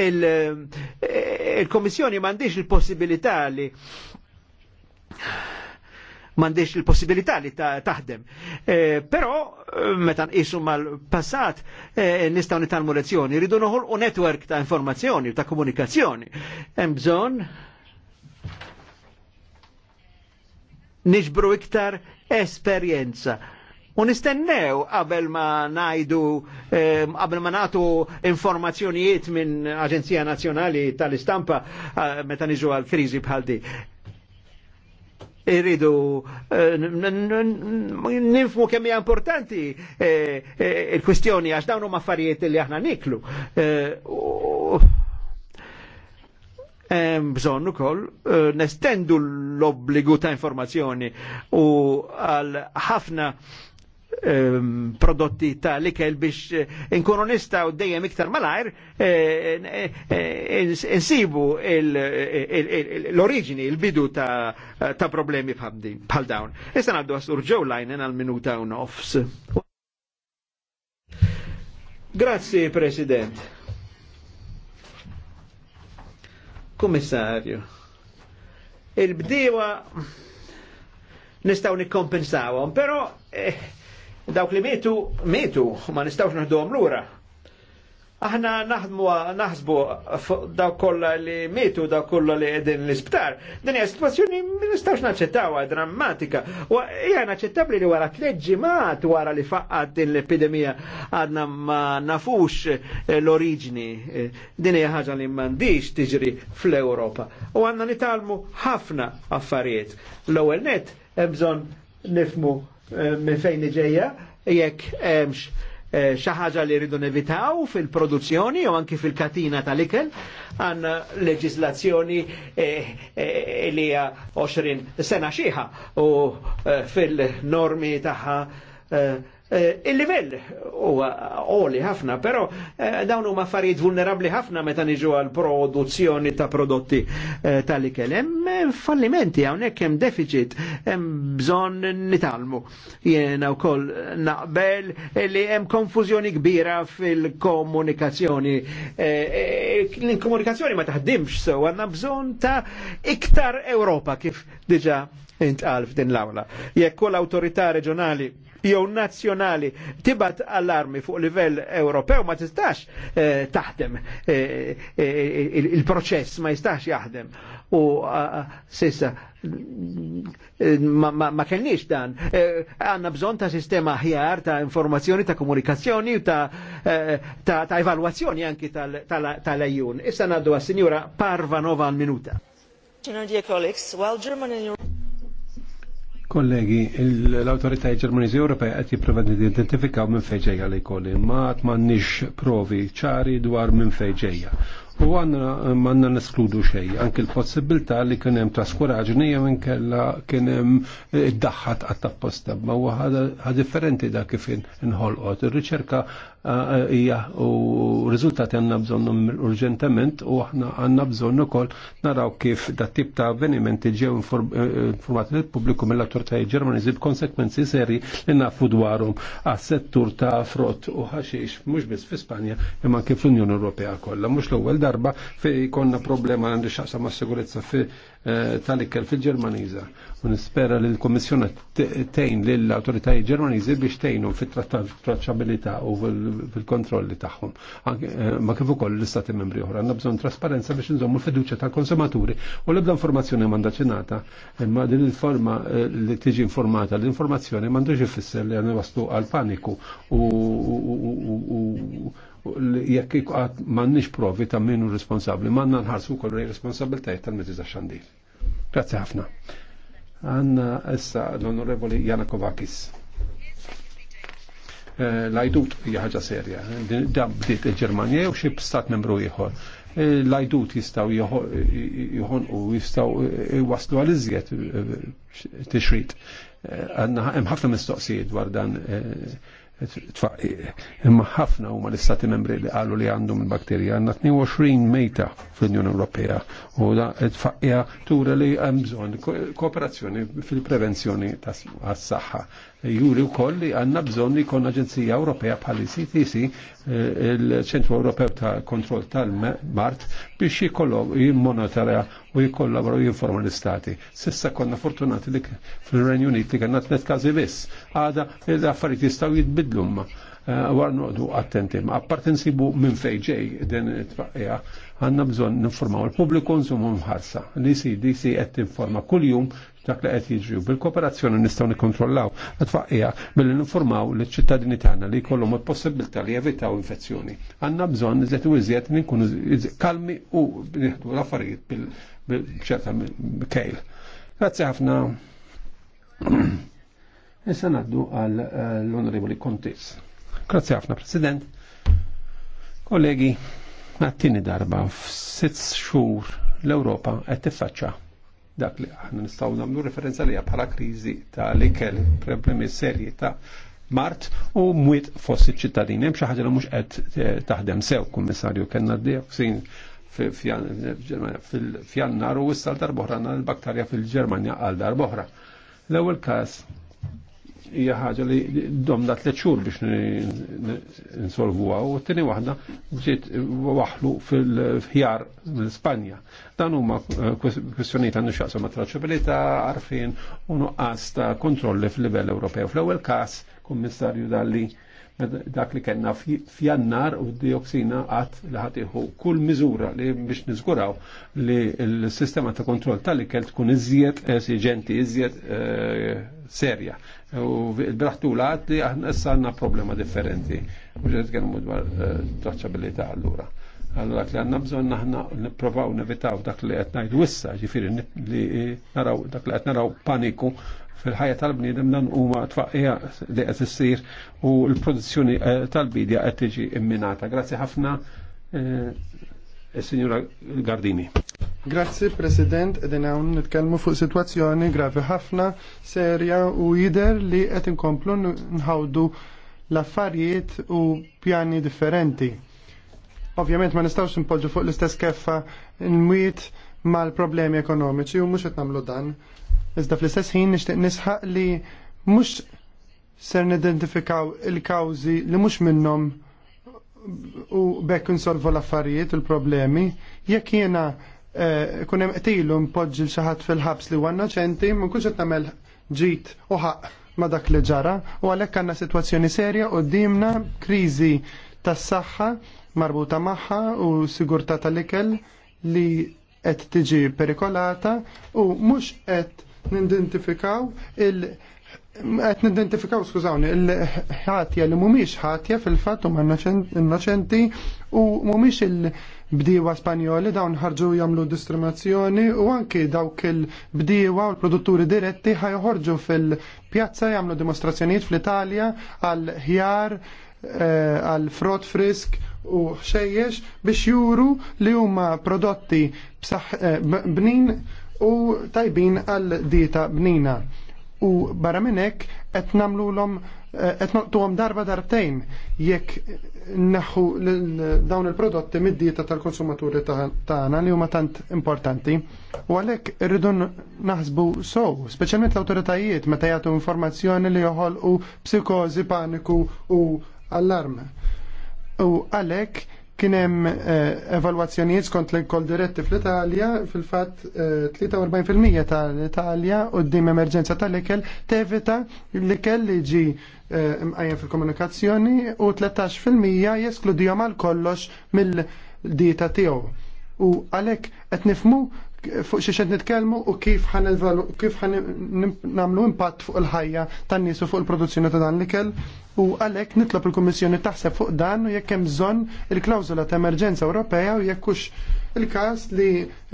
il-Komissjoni mandiġ il-possibilità li m'għandix il-possibilità li taħdem. Eh, però eh, meta isu mal-passat eh, nistgħu nitalmu lezzjoni, rridu u netwerk ta' informazzjoni u ta' komunikazzjoni. Hemm bżonn niġbru iktar esperjenza. U nistennew qabel ma najdu, qabel ma natu informazzjonijiet minn Aġenzija Nazjonali tal-Istampa meta niġu għal krizi bħal di irridu eh, ninfmu kemm hija importanti eh, eh, il-kwistjoni għax dawn huma affarijiet li aħna niklu. Bżonn ukoll nestendu l-obbligu ta' informazzjoni u għal ħafna Ehm, prodotti ta' li kell biex eh, inkunu nistaw dejjem iktar malajr eh, eh, insibu l-oriġini, l bidu ta' problemi bħal dawn. Issa għaddu għasur ġew lajnen għal-minuta u nofs. Grazzi, President. Kommissarju, il-bdiewa nistaw nikkompensawhom, però eh, Dawk li mietu, mitu, ma nistawx nħdom lura. Aħna naħdmu naħsbu dawk kollha li mitu dawk kollha li qegħdin l-isptar. Din hija sitwazzjoni ma nistgħux naċċettawha drammatika. U hija naċċettabbli li wara tliet ġimgħat wara li faqqat din l-epidemija għadna ma nafux eh, l origini eh, Din hija ħaġa li m'għandix tiġri fl-Ewropa. U għandna nitalmu ħafna affarijiet. L-ewwel net hemm bżonn nifmu Eh, minn fejn ġejja, jekk hemmx eh, xi ħaġa li rridu nevitaw fil-produzzjoni u anki fil-katina tal-ikel għanna leġislazzjoni eh, li hija 20 sena xieħa u fil-normi tagħha Eh, il-livell huwa għoli ħafna, però eh, dawn huma affarijiet vulnerabbli ħafna meta niġu għal produzzjoni ta' prodotti eh, tal-ikel. Hemm fallimenti hawnhekk hemm deficit, hemm bżonn nitalmu. Jiena wkoll naqbel li hemm konfużjoni kbira fil-komunikazzjoni. L-komunikazzjoni ma taħdimx so għandna bżonn ta' iktar Ewropa kif diġà intqal f'din l-awla. Jekk kull awtorità reġjonali jew nazzjonali tibat allarmi fuq livell Ewropew ma tistax eh, taħdem eh, eh il-proċess ma jistax jaħdem u sissa ma, ma, kellniex dan. Eh, għanna bżon ta' sistema ħjar ta' informazzjoni, ta' komunikazzjoni u ta', e, ta, ta evalwazzjoni anki tal-ajjun. Issa naddu għas-Sinjura Parvanova minuta. Dear colleagues, while Germany and Kollegi, l autorità Ġermaniżi Ewropea qed jippruvedi identifikaw minn fejn li jkolli, ma qatt m'għandniex provi ċari dwar minn fejn U għanna manna neskludu xej, anki l-possibilità li kien hemm traskuraġni jew inkella kien eh, id-daħħat għat posta, ma huwa ħa differenti da kif inħolqot. Ir-riċerka hija u riżultati għandna bżonnu urġentament u aħna għandna bżonn ukoll naraw kif da' tip ta' avvenimenti ġew eh, informati lill pubbliku mill ġermani Ġermaniżi b'konsekwenzi seri li nafu dwarhom għas-settur ta' frott u ħaxix mhux biss fi Spanja imma kif l-Unjoni Ewropea kollha. Mhux l-ewwel darba fi konna problema għandi xaqsa ma' sigurezza fi Eh, tal-ikkel fil ġermaniza U nispera li l komissjoni tejn lill-awtoritajiet Ġermaniżi biex tejnu fit-traċabilità u fil-kontrolli tagħhom. Eh, ma kif ukoll l-istati membri oħra għandna bżonn trasparenza biex nżommu l-fiduċja tal-konsumaturi u l-ebda informazzjoni mandaċinata imma eh, din il-forma li tiġi informata l-informazzjoni m'għandux ifisser li għandna waslu għal paniku u jekk ikqat m'għandniex provi ta' minnu responsabbli, m'għandna nħarsu wkoll responsabiltajiet tal-mezzi ta' xandir. Grazzi ħafna. Għanna issa l-Onorevoli Jana Kovakis. Eh, l-ajdut hija ħaġa serja. Da bdiet il-Ġermanja jew xi stat membru ieħor eh, l-ajdut jistaw jħon u jistaw eh, waslu għal-izjiet t-xrit. Għanna ħafna mistoqsijiet dwar dan Imma ħafna huma l-istati membri li qalu li għandhom il bakterija għandna 22 mejta fl-Unjoni Ewropea u da tfaqqija tura li hemm bżonn kooperazzjoni fil-prevenzjoni tas saħħa juri wkoll li għandna bżonn li kon Aġenzija Ewropea bħal CTC eh, il-Ċentru Ewropew ta' Kontroll tal-Mart biex jikollog jimmonitorja u jikollaboraw jinforma l-istati. Sissa konna fortunati li fil-Renju Unit li kellna tliet każi biss. Għada l-affarijiet eh, jistgħu jitbidlu ma eh, għar noqdu attenti. Ma appart nsibu minn fejġej den it-tfaqqija, għanna bżon n-informaw l publiku nżumu ħarsa L-ICDC għed informa kull-jum dak li qed jiġri bil-kooperazzjoni nistgħu nikkontrollaw għat-tfaqqija billi ninformaw liċ-ċittadini tagħna li jkollhom il-possibilità li jevitaw infezzjoni. Għandna bżonn iżjed iżjed li nkunu kalmi u nieħdu l-affarijiet bil-ċerta kejl. Grazzi ħafna. <clears throat> Issa naddu għal eh, l-Onorevoli Kontis. Grazzi ħafna, President. Kollegi, għattini darba f'sitt xhur l-Ewropa qed tiffaċċa dak li aħna nistgħu nagħmlu referenza li bħala kriżi ta' li kell problemi serji ta' mart u mwiet fossi ċittadin ċittadini Hemm xi mux għed mhux qed eh, taħdem sew, kummissarju, d dioxin fil-Fjannar u issa l-darbohra l-bakterja fil-Ġermanja għal dar boħra. L-ewwel każ hija ħaġa li domna tliet xhur biex insolvuha u t-tieni waħda ġiet waħlu fil-ħjar mill-Spanja. Dan huma eh, kwestjonijiet għandu xaqsu ma' traċabilità, għarfien u nuqqas ta' kontrolli fil-livell Ewropew. Fl-ewwel każ, Kummissarju Dalli, dak li kellna f'jannar u dioksina għat li ħatiħu iħu kull miżura li biex niżguraw li l-sistema ta' kontrol tal-ikel tkun iżjed esiġenti, iżjed eh, serja. U braħtu għat li aħna issa għandna problema differenti. U ġed għan mudwar eh, traċabilita allura. Allora li għanna bżon naħna nipprovaw nevitaw dak li qed wissa, ġifiri ġifieri li naraw dak li qed naraw paniku fil-ħajja tal-bniedem dan huma tfaqqija li qed issir u l-produzzjoni eh, tal-bidja qed tiġi imminata. Grazzi ħafna eh, is-Sinjura Gardini. Grazzi President, edin hawn nitkellmu fuq sitwazzjoni gravi ħafna, serja u jider li qed inkomplu nħawdu l-affarijiet u pjani differenti. Ovvjament ma nistawx nipoġġu fuq l-istess keffa n-mwiet mal-problemi ekonomiċi u mhux qed nagħmlu dan. Iżda fl-istess ħin nixtieq nisħaq li mhux ser nidentifikaw il-kawżi li mhux minnhom u bekk insolvu l-affarijiet u l-problemi. Jekk jiena eh, kun hemm qtilu mpoġġi xi ħadd fil-ħabs li huwa noċenti, ma nkunx qed nagħmel ġid u ħaq ma dak li ġara u għalhekk għandna sitwazzjoni serja qudiemna kriżi tas-saħħa marbuta magħha u sigurtà tal-ikel li qed tiġi perikolata u mhux qed nidentifikaw il- Għet nidentifikaw, skużawni, il-ħatja li mumiex ħatja fil-fat huma innoċenti u mumiex il bdiwa Spanjoli dawn ħarġu jagħmlu diskriminazzjoni u anki dawk il bdiwa u l-produtturi diretti ħajħorġu fil-pjazza jagħmlu dimostrazzjonijiet fl-Italja għal ħjar eh, għal frot frisk u xejjex biex juru li huma prodotti eh, bnin u tajbin għal dieta bnina. U barra minnek qed nagħmluhom eh, qed noqtuhom darba darbtejn jekk naħu dawn il-prodotti mid-dieta tal-konsumaturi tagħna li huma tant importanti. U għalhekk irridu naħsbu sow, speċjalment l-awtoritajiet meta jagħtu informazzjoni li joħolqu psikożi, paniku u allarm. U għalhekk Kien hemm eh, evalwazzjonijiet skont l-kol diretti fl-Italja, fil-fatt 43% eh, tal-Italja d-dim emerġenza tal-ikel tevita l-ikel li ġi eh, mqajjem fil-komunikazzjoni u 13% jeskludihom għal kollox mill-dieta tiegħu. U għalhekk qed nifmu fuq xi xed nitkellmu u kif ħan kif ħan nagħmlu impatt fuq il-ħajja tan-nies u fuq il-produzzjoni ta' dan l-ikel u għalek nitlob il kommissjoni taħseb fuq dan u jekk hemm bżonn il-klawżola ta' emerġenza Ewropea u jekk hux il-każ li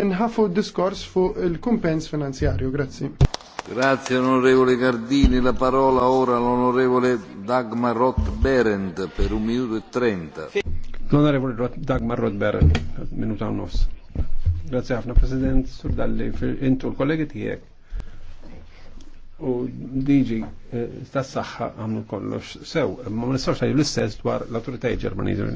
nħafu diskors fuq il-kumpens finanzjarju. Grazzi. Grazie onorevole Gardini, la parola ora all'onorevole Dagmar Roth-Berend per un minuto e trenta. L'onorevole Dagmar Roth-Berend, minuto a e nofs. Grazie a President, sur dalli, intu l-kollegi u diġi eh, tas saħħa għamlu kollox sew, ma ma nistax l-istess dwar l-autoritajiet ġermaniżi.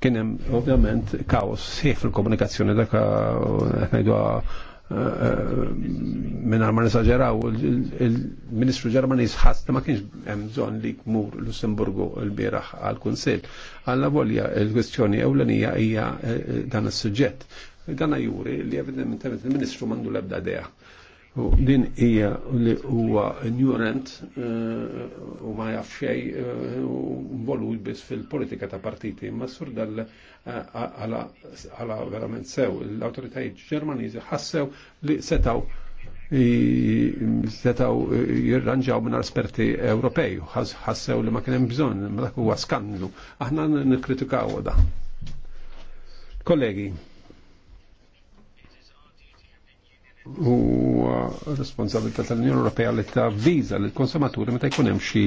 Kien hemm ovvjament kaos sieħ fil-komunikazzjoni dak eh, ngħidu eh, minn ma nisaġeraw il-Ministru Ġermaniż ħass ma kienx hemm bżonn li jmur Lussemburgu l-bieraħ għall-Kunsill. Alla volja l-kwestjoni ewlenija hija dan is-suġġett Dan juri li evidentement il-Ministru mandu lebda deja. U din hija li huwa ignorant u ma jaf xej u involut biss fil-politika ta' partiti, ma sur dal għala verament sew l-awtoritajiet Ġermaniżi ħassew li setaw setaw jirranġaw minn esperti Ewropej, ħassew li ma kienem bżon, ma dak huwa skandlu. Aħna nikkritikaw da. Kollegi, u responsabilità tal-Unjoni Ewropea li ta' viza li l-konsumaturi meta jkun hemm xi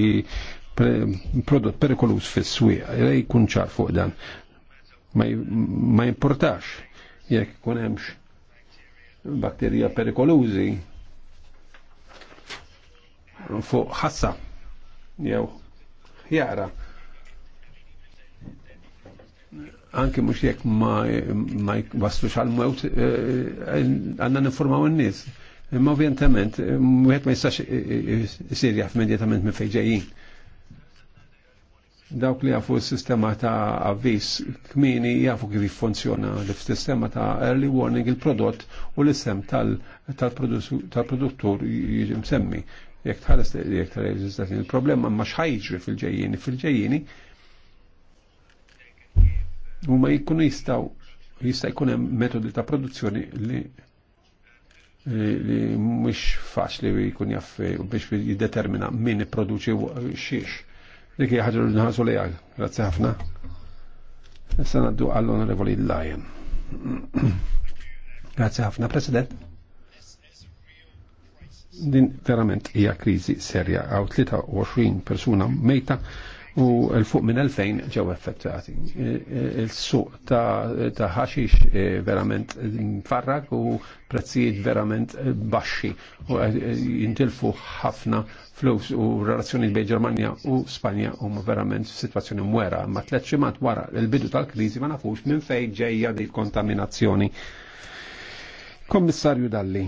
prodott perikolus fis-swieq, jkun ċar fuq dan. Ma importax jekk ikun hemmx batterija perikolużi fuq ħassa jew jara Anke mux jek ma, ma waslux għal-mewt, eh, eh, għanna nifurmaw n-nis. Imma ovvjentament, mwet eh, ma jistax jisir jaf immediatament minn fejġejjin. Dawk li jafu s-sistema ta' avvis kmini jafu kif jiffunzjona l-sistema ta' early warning il-prodott u l-isem tal-produttur jimsemmi. Jek tħares jek tħares il-problema ma xħajġri fil-ġejjini. Fil-ġejjini u ma jkunu jistaw jista' jikun hemm metodi ta' produzzjoni li li mhux faċli jkun jaff biex jiddetermina min ipproduċi xiex. Dik hija ħaġa li nħarsu lejha. Grazzi ħafna. Issa ngħaddu għall-Onorevoli Lion. <clears throat> Grazzi ħafna, President. Din verament hija kriżi serja għaw 23 persuna mejta u l-fuq minn 2000 ġew effettwati. Il-suq ta' ħaxix e, verament farrak u prezzijiet verament e, baxxi u e, jintilfu ħafna flus u relazzjoni bejn Ġermanja u Spanja huma verament f'sitwazzjoni mwera. Ma tliet ximat wara l-bidu tal-kriżi ma nafux minn fejn ġejja di kontaminazzjoni Kommissarju Dalli,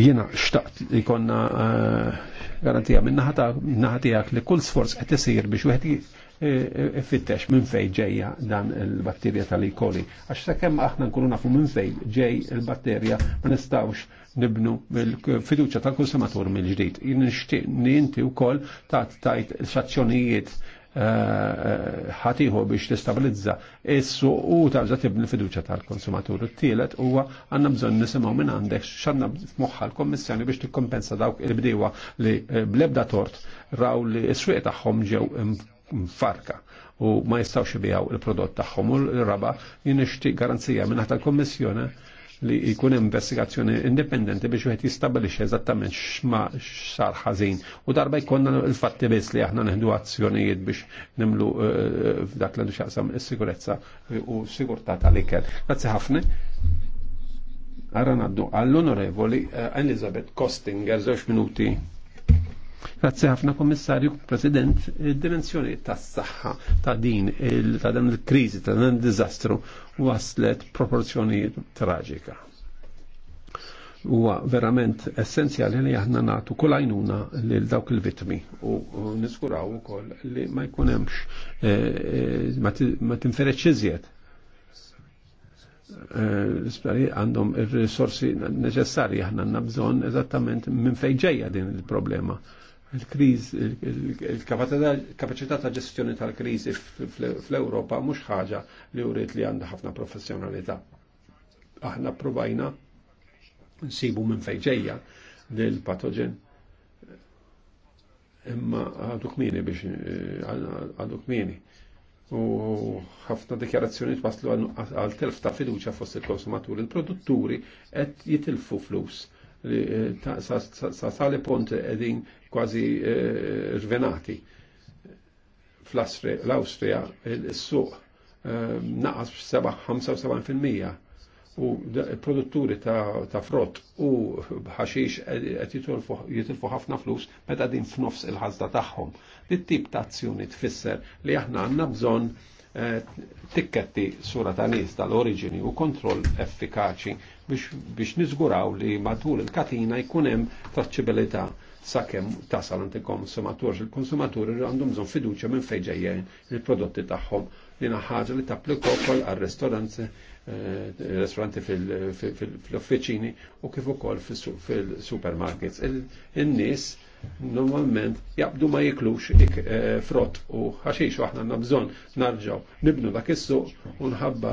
jiena xtaqt li konna eh, garantija minn naħatijak li kull sforz qed isir biex wieħed eh, eh, fittex minn fej ġejja dan il-batterja tal-E. coli. Għax sakemm aħna nkunu nafu minn fej ġej il-batterja ma nistawx nibnu fiduċa tal-konsumatur mill-ġdid. Jien nixtieq li inti wkoll tajt l-sazzjonijiet ħatiħu biex tistabilizza issu u tabża tibni fiduċa tal-konsumatur. T-tielet huwa għandna bżonn nisimgħu minn għandek x'għandna f'moħħa l-Kommissjoni biex tikkompensa dawk il-bdiewa li eh, blebda tort raw li s-swieq tagħhom ġew mfarka u ma jistawx bijaw il-prodott tagħhom u l-raba jinixti garanzija minna tal-Kommissjoni li jkun investigazzjoni indipendenti biex wieħed jistabilixxi eżattament x'ma xar ħażin. U darba jkollna l-fatti biss li aħna neħdu azzjonijiet biex nimlu eh, f'dak li xaqsam is-sikurezza u sigurtà tal-ikel. Grazzi ħafna. Għarra naddu għall-onorevoli eh, Elizabeth Kostinger, żewġ minuti. Grazzi ħafna Kommissarju President, id-dimensjoni tas-saħħa ta' din ta' dan il-kriżi ta' dan il-diżastru waslet proporzjoni traġika. Huwa verament essenzjali li aħna nagħtu kull għajnuna lil dawk il-vitmi u niskuraw ukoll li ma jkunemx eh, eh, ma tinfereċ iżjed l eh, għandhom il-risorsi neċessarji aħna nabżon eżattament minn fejġeja din il-problema il kriz il-kapacità ta' ġestjoni tal-kriżi fl-Ewropa mhux ħaġa li uriet li għandha ħafna professjonalità. Aħna provajna nsibu minn fejġeja lil patogen imma għadu kmini biex eh, għadu kmini. U ħafna dikjarazzjoni waslu għal telf ta' fiduċa fost il-konsumaturi, il-produtturi qed jitilfu flus li eh, sa sali ponte edin kważi eh, rvenati. Fl-Austria il-suq eh, naqas 75% u produtturi ta', frott u b'ħaxix qed jitilfu ħafna flus meta din f'nofs il-ħażda tagħhom. Dit-tip ta' azzjoni tfisser li aħna għandna bżonn tikketti sura ta' nis tal-oriġini u kontroll effikaċi biex niżguraw li matul il-katina jkun hemm taċċibilità sakemm tasal għand il-konsumatur. Il-konsumaturi għandhom bżon fiduċja minn fejn il-prodotti tagħhom li ħaġa li tapplika wkoll għar-restoranti ristoranti ristoranti fil offiċini u kif ukoll fil-supermarkets. In-nies normalment jabdu ma jiklux ik frott u ħaxix waħna għanna bżon narġaw nibnu dak is-suq u nħabba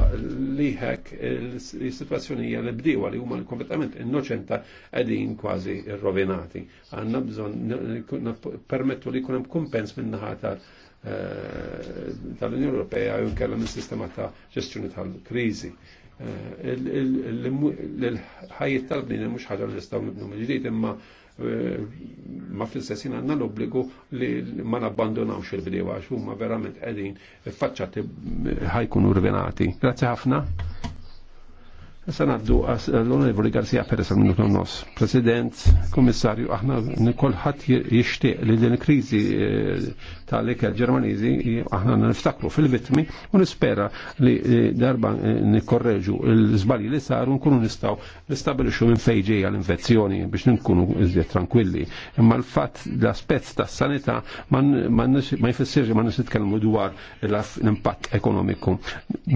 li hekk il-situazzjoni hija li bdiewa li huma kompletament innoċenta qegħdin kważi rrovinati. Għandna bżon permettu li jkun hemm kumpens min-naħa tal-Unjoni Ewropea jew kellha mis-sistema ta' ġestjoni tal-kriżi l ħajjiet tal-bnina mux ħagħa l-istaw nibnu mġdijt imma Eh, ma fl-istessin għanna l-obbligu li ma nabbandonawx il-bdewa għax huma verament qegħdin faċċati ħajkunu rvenati. Grazzi ħafna. Issa naddu l-Onorevoli Garcia Perez għal minutu nos. President, Komissarju, aħna ħat jishtiq li din krizi eh, tal-eker ġermanizi aħna niftakru fil-vitmi u nispera li eh, darba eh, nikorreġu l-zbali li saru nkunu nistaw nistabilixu minn fejġi għal-infezzjoni biex nkunu iżjed tranquilli. Imma l-fat l-aspet ta' sanità ma li ma nitkellmu dwar l-impatt ekonomiku.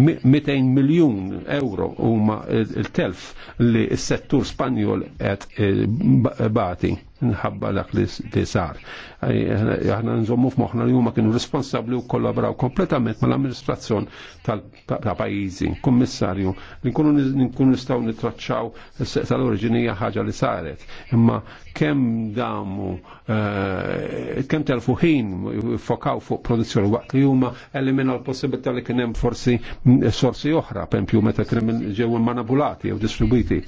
200 miljon euro huma il-telf li s-settur Spanjol qed eh, bati nħabba dak li sar. Eh, aħna nżommu f'moħna li huma kienu responsabbli u kollaboraw kompletament mal-amministrazzjon tal-pajjiżi, kummissarju, li nkunu nistgħu nitraċċaw tal-oriġini hija ħaġa li saret. Imma kemm damu eh, kemm telfu ħin fokaw fuq produzzjoni waqt li huma elimina l-possibilità li kien hemm forsi mm, sorsi oħra, pempju meta kien ġew manipulati jew distribwiti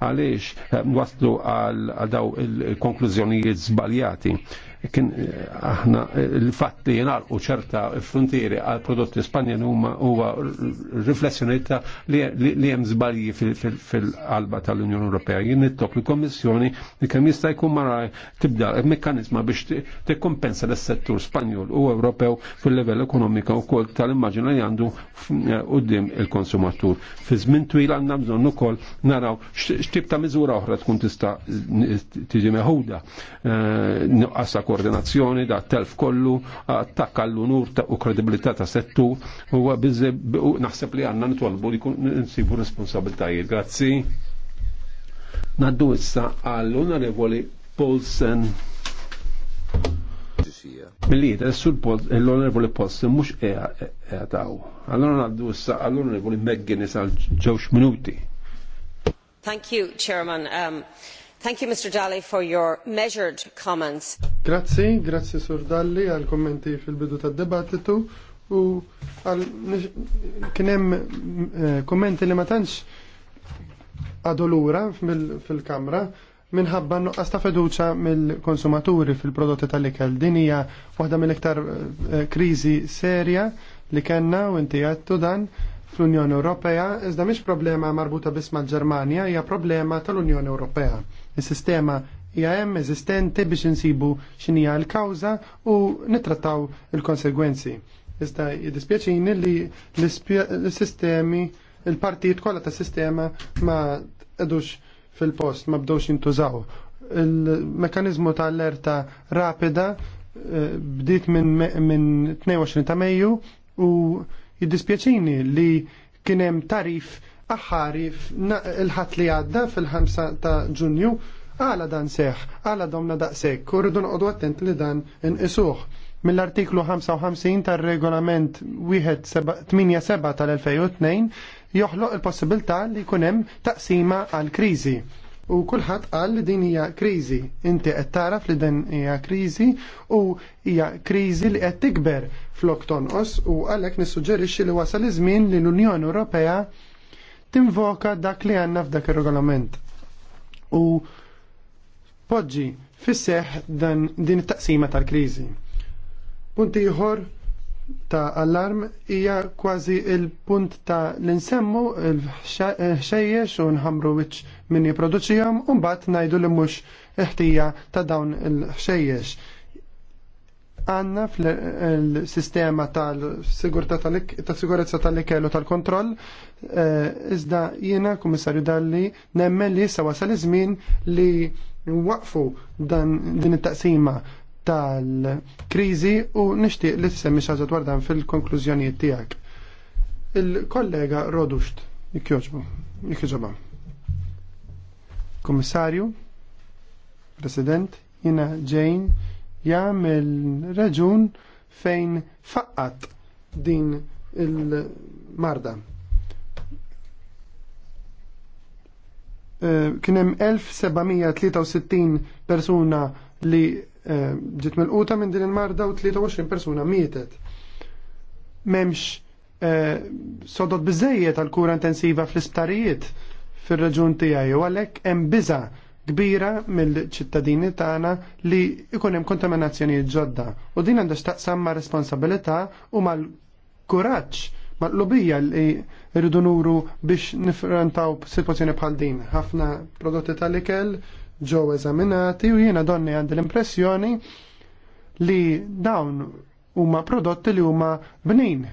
għaliex eh, waslu għal daw il-konklużjonijiet żbaljati kien eh, aħna eh, l li jenalqu ċerta frontieri għal prodotti Spanjan huma huwa riflessjoni li hemm żbalji fil-qalba tal-Unjoni Ewropea. Jien nittok li kommissjoni li kemm jista' jkun mara tibda mekkanizma biex tikkompensa l-settur Spanjol u Ewropew fil-livell ekonomika wkoll tal-immaġina li għandu eh, qudiem il-konsumatur. Fi żmien twil għandna bżonn ukoll naraw x'tib ta' miżura oħra tkun tista' tiġi meħuda koordinazzjoni da' telf kollu, attakka l-unur u kredibilità ta' settu, u naħseb li għanna nitwalbu li kun nsibu responsabiltajiet. Grazzi. Naddu issa għall-onorevoli Paulsen. Mill-liet, sul l-onorevoli Paulsen mux eħataw. Allora naddu issa għall-onorevoli Megginis għal ġewx minuti. Thank you, Chairman. Um, Thank you, Mr. Dalli, for your measured comments. Grazzi, grazzi Sur Dalli għal kommenti fil-bidu tad debattitu u għal kienem eh, kommenti li ma tantx għadolura fil-kamra minħabba nuqqas ta' feduċa mill-konsumaturi fil-prodotti tal-ikel. Din hija waħda mill-iktar eh, kriżi serja li kellna u inti għattu dan fl-Unjoni Ewropea, iżda mhix problema marbuta biss mal-Ġermanja, hija problema tal-Unjoni Ewropea. Is-sistema hija e hemm eżistenti biex insibu x'inija l-kawża u nitrataw il-konsegwenzi. Iżda jiddispjaċini li l-sistemi il-partijiet kollha ta' sistema ma edux fil-post, ma bdewx jintużaw. Il-mekanizmu ta' allerta rapida eh, bdiet minn min 22 ta' Mejju u jiddispjaċini li kienem tarif aħħari il-ħat li għadda fil-5 ta' ġunju għala dan seħ, għala domna seħ, kurridu nqodu attent li dan isuħ. Mill-artiklu 55 tal-regolament 187 tal-2002 joħloq il-possibilità li kunem taqsima għal krizi. U kulħadd qal li din hija kriżi. Inti qed taraf li din hija kriżi u hija kriżi li qed tikber flok tonqos u għalhekk nissuġġerixxi li wasal iż-żmien li l-Unjoni Ewropea tinvoka dak li għanna f'dak ir-regolament. U poġġi fisseħ dan din it-taqsima tal-kriżi. Punt ieħor ta' allarm hija kważi il-punt ta' l-insemmu il xejjex u nħamru wiċċ minni produċijom u mbagħad ngħidu li mhux iħtija ta' dawn il-xejjex għanna fil-sistema tal-sigurezza tal-ikellu tal-kontroll, eh, iżda jiena, kummissarju Dalli, nemmen li jissa wasal iż-żmien li waqfu dan din it-taqsima tal-krizi u nixtieq li tsemmi xaġa dwar dan fil-konklużjonijiet tiegħek. Il-kollega Rodust, jikjoġbu, jikjoġba. Kummissarju, President, jina Jane, jagħmel raġun fejn faqqat din il-marda. Eh, kien hemm 1763 persuna li eh, ġiet melquta minn din il-marda u 23 persuna mietet. M'hemmx eh, sodot biżejjed għal kura intensiva fl-isptarijiet fir reġun tiegħi u għalhekk hemm biża' kbira mill-ċittadini tagħna li ikun hemm kontaminazzjoni ġodda. U din għandha x'taqsam ma' responsabilità u mal-kuraġġ mal-lobija li rridu nuru biex nifrantaw situazzjoni bħal din. Ħafna prodotti tal-ikel ġew eżaminati u jiena donni għandi l-impressjoni li dawn huma prodotti li huma bnin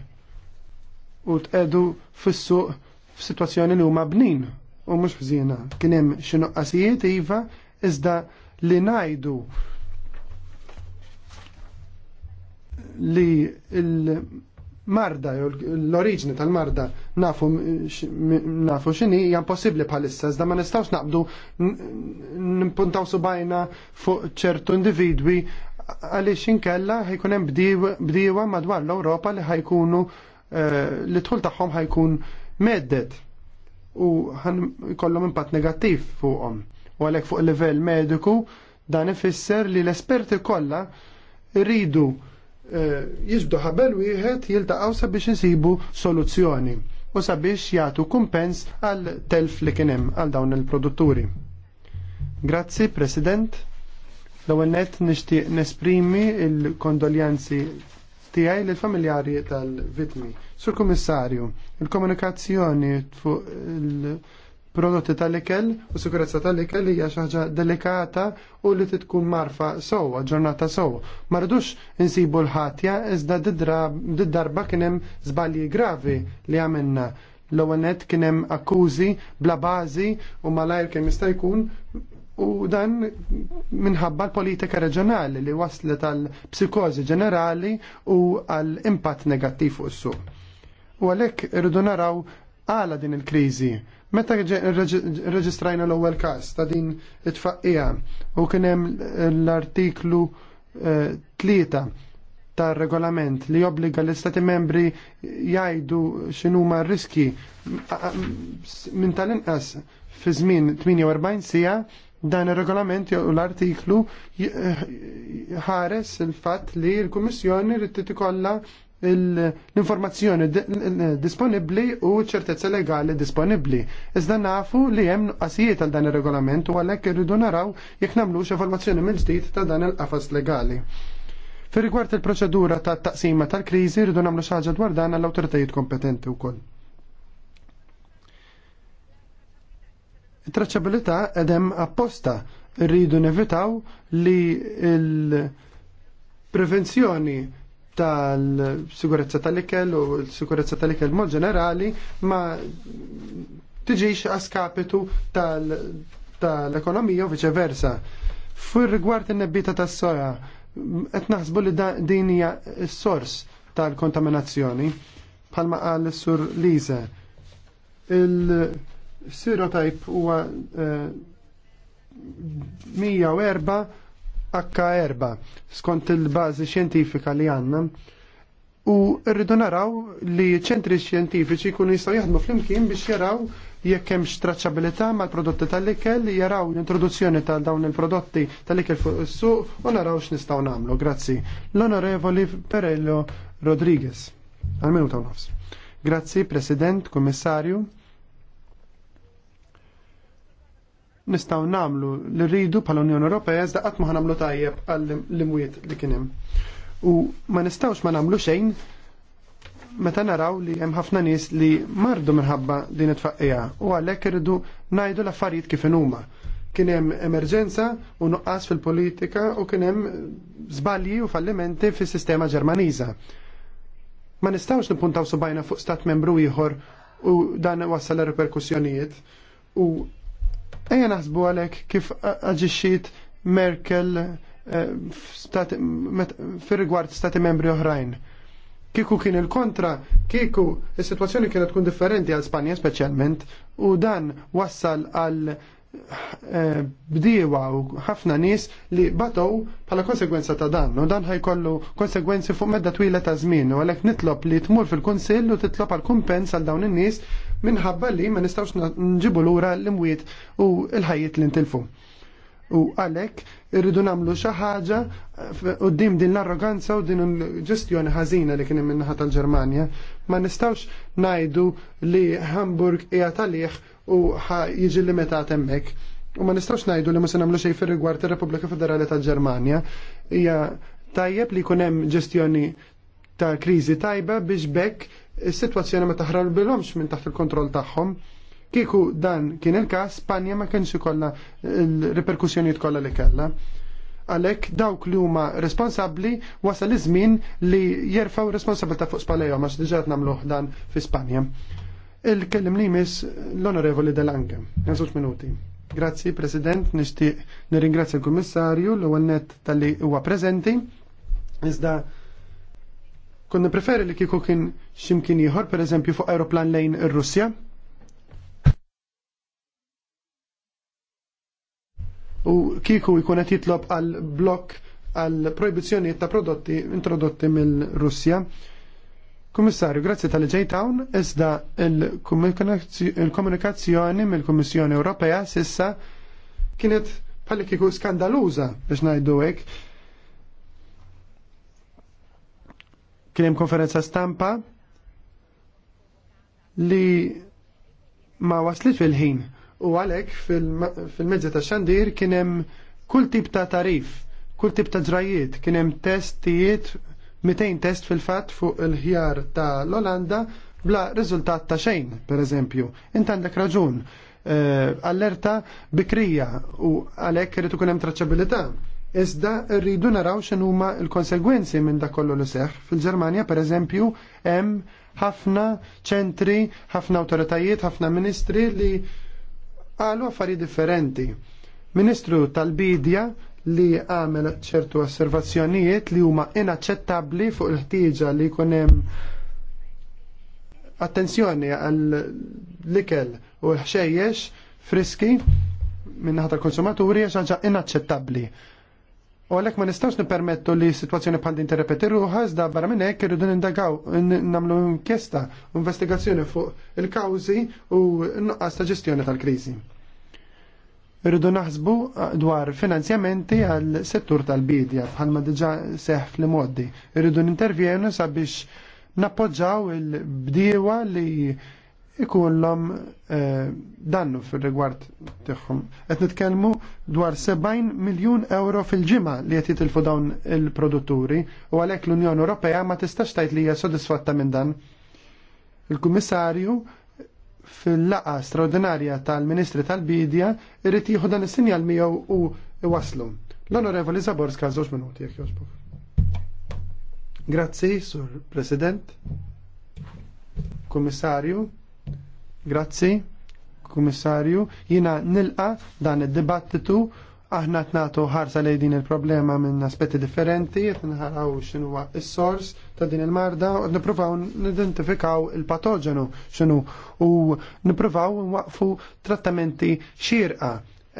u tqedu fis-suq f'sitwazzjoni li huma bnin u mhux ħżiena. Kien hemm xi noqqasijiet iva iżda li ngħidu li il-marda jew l-oriġni tal-marda nafu nafu x'inhi hija impossibbli bħalissa iżda ma nistgħux naqbdu nimpuntaw subajna fuq ċertu individwi għaliex inkella ħajkun hemm bdiewa madwar l-Ewropa li ħajkunu eh, li tħul tagħhom ħajkun meddet u kollom impatt negattiv fuqhom. U għalhekk fuq il-livell mediku dan ifisser li l-esperti kollha rridu eh, jisbdu ħabel wieħed jiltaqgħu sabiex insibu soluzzjoni u sabiex jagħtu kumpens għal telf li kien hemm għal dawn il-produtturi. Grazzi, President. L-ewwel nett nixtieq nesprimi l-kondoljanzi tiegħi lill familjari tal-vitmi. Sur Kummissarju, il-komunikazzjoni fuq il-prodotti tal-ikel u sikurezza tal-ikel hija xi ħaġa delikata u li titkun marfa sewwa, ġurnata sewwa. Ma rridux insibu l-ħatja iżda did-darba kien hemm żbalji gravi li għamilna l-ewwel kien hemm akkużi bla bażi u malajr kemm jista' jkun U dan minħabba l-politika reġjonali li waslet għal psikozi ġenerali u għal impatt negattiv fuq is-suq. U għalhekk irridu naraw għala din il-kriżi. Meta reġistrajna l-ewwel każ ta' din it-tfaqqija u kien hemm l-artiklu eh, tlieta tar regolament li jobbliga l-Istati membri jgħidu x'inhuma r-riski minn tal-inqas fi żmien 48 sija Dan ir-regolament jew l-artiklu ħares il-fatt li l-Kummissjoni rrid tikollha l-informazzjoni disponibbli u ċertezza legali disponibbli. Iżda nafu li hemm nuqqasijiet għal dan ir-regolament u għalhekk irridu naraw jekk nagħmlux informazzjoni mill-ġdid ta' dan il-qafas legali. Fir rigward il-proċedura ta' taqsima tal-kriżi rridu nagħmlu xi ħaġa dwar dan għall-awtoritajiet kompetenti wkoll. traċabilità edem apposta rridu nevitaw li il-prevenzjoni tal-sigurezza tal-ikel u l-sigurezza tal-ikel mod ġenerali ma tiġix askapitu tal-ekonomija u versa. Fur rigward in nebita tas-soja, qed naħsbu li din hija s-sors tal-kontaminazzjoni. Palma qal sur Lise, il Serotype huwa 104 eh, H4 skont il-bażi xjentifika li għandna. U rridu naraw li ċentri xjentifiċi jkunu jistgħu jaħdmu flimkien biex jaraw jekk hemm traċċabilità mal-prodotti tal-ikel, jaraw l-introduzzjoni tal dawn il-prodotti tal-ikel fuq is-suq u naraw x'nistgħu nagħmlu. Grazzi. L-Onorevoli Perello Rodriguez. Għal minuta u nofs. Grazzi, President, Kummissarju nistaw namlu li rridu pal unjoni Ewropea iżda qatt ma nagħmlu tajjeb għall-imwiet li kien hemm. U ma nistawx ma nagħmlu xejn meta naraw li hemm ħafna nies li mardu minħabba din it-tfaqqija u għalhekk irridu ngħidu l-affarijiet kif huma. Kien hemm emerġenza u nuqqas fil-politika u kien hemm żbalji u fallimenti fis-sistema Ġermaniża. Ma nistawx nippuntaw subajna fuq stat membru ieħor u dan wassal reperkussjonijiet u Ejja naħsbu għalhekk kif aġixxiet Merkel eh, fir-rigward stati membri oħrajn. Kiku kien il-kontra, kiku il sitwazzjoni kienet tkun differenti għal Spanja speċjalment u dan wassal għal eh, bdiewa u ħafna nies li batow bħala konsegwenza ta' dan u dan ħajkollu konsegwenzi fuq medda twila ta' żmien u għalhekk nitlob li tmur fil-Kunsill u titlob għal kumpens għal dawn in-nies minħabba li ma nistawx nġibu lura l-imwiet u l-ħajiet li ntilfu. U għalek irridu namlu xi ħaġa eh, qudiem din l-arroganza u din il-ġestjoni ħażina li kien hemm minnaħa tal-Ġermanja. Ma nistawx ngħidu li Hamburg hija talih u jiġi limitat hemmhekk. U ma nistawx ngħidu li ma se nagħmlu xejn fir-rigward ir-Repubblika Federali tal-Ġermanja. Hija tajjeb li jkun hemm ġestjoni ta' kriżi tajba biex bekk is-sitwazzjoni ma l-bilomx minn taħt il-kontroll tagħhom. Kieku dan kien il-każ, Spanja ma kienx ikollha l-reperkussjonijiet kollha li kellha. Għalhekk dawk li huma responsabbli wasal iż-żmien li jerfgħu responsabilità fuq spalejhom għax diġà nagħmluh dan fi Spanja. Il-kellim li jmiss l-Onorevoli Delange, għażux minuti. Grazzi, President, nixtieq nirringrazzja l-Kummissarju l-ewwel net tal-li huwa preżenti. Iżda Konna preferi li kieku kien ximkien ieħor, pereżempju fuq aeroplan lejn ir-Russja. U kieku jkun qed jitlob għal blok għal proibizzjonijiet ta' prodotti introdotti mill-Russja. Kummissarju, grazzi tal ġejt hawn, iżda il-komunikazzjoni mill-Kummissjoni Ewropea sissa kienet bħalli kieku skandaluża biex ngħidu hekk Kien hemm konferenza stampa li ma waslit fil-ħin u għalhekk fil-mezzi ta' xandir kien hemm kull tip ta' tarif, kull tip ta' ġrajiet, kien hemm testijiet 200 test fil-fatt fuq il-ħjar ta' l-Olanda bla riżultat ta' xejn, per eżempju. Int għandek raġun, eh, allerta bikrija u għalhekk irid ikun hemm traċċabilità Iżda rridu naraw x'inhuma l-konsegwenzi minn dak kollu li seħħ. Fil-Ġermanja pereżempju hemm ħafna ċentri, ħafna awtoritajiet, ħafna ministri li għalu affarijiet differenti. Ministru tal-Bidja li għamel ċertu osservazzjonijiet li huma inaċċettabbli fuq il-ħtieġa li jkun hemm attenzjoni għal ikel u l-ħxejjex friski min-naħa tal-konsumaturi ħaġa inaċċettabbli. U għalek ma nistawx nipermettu li situazzjoni bħal din terrepeti ruħa, iżda barra minn hekk irridu nindagaw, namlu inkjesta, investigazzjoni fuq il-kawżi u nuqqas ta' ġestjoni tal-kriżi. Irridu naħsbu dwar finanzjamenti għal settur tal-bidja bħalma diġa seħ li modi Irridu nintervjenu sabiex nappoġġaw il-bdiewa li Ikollom eh, dannu fil-rigward tagħhom. Qed nitkellmu dwar 70 miljun euro fil-ġimgħa li qed jitilfu dawn il-produtturi u għalhekk l-Unjoni Ewropea ma tistax tgħid li hija sodisfatta minn dan. Il-Kummissarju fil-laqa straordinarja tal-Ministri tal-Bidja irrid jieħu dan is-sinjal miegħu u waslu. L-Onorevoli Zaborska żewġ minuti jekk jogħġbok. Grazzi, Sur President, Kummissarju, Grazzi, Kummissarju. Jina nilqa dan id-dibattitu aħna t-natu ħarsa lej din il-problema minn aspetti differenti, qed nħaraw xinuwa il-sors ta' din il-marda, u niprufaw n-identifikaw il-patogenu xinu, u nippruvaw n-waqfu trattamenti xirqa,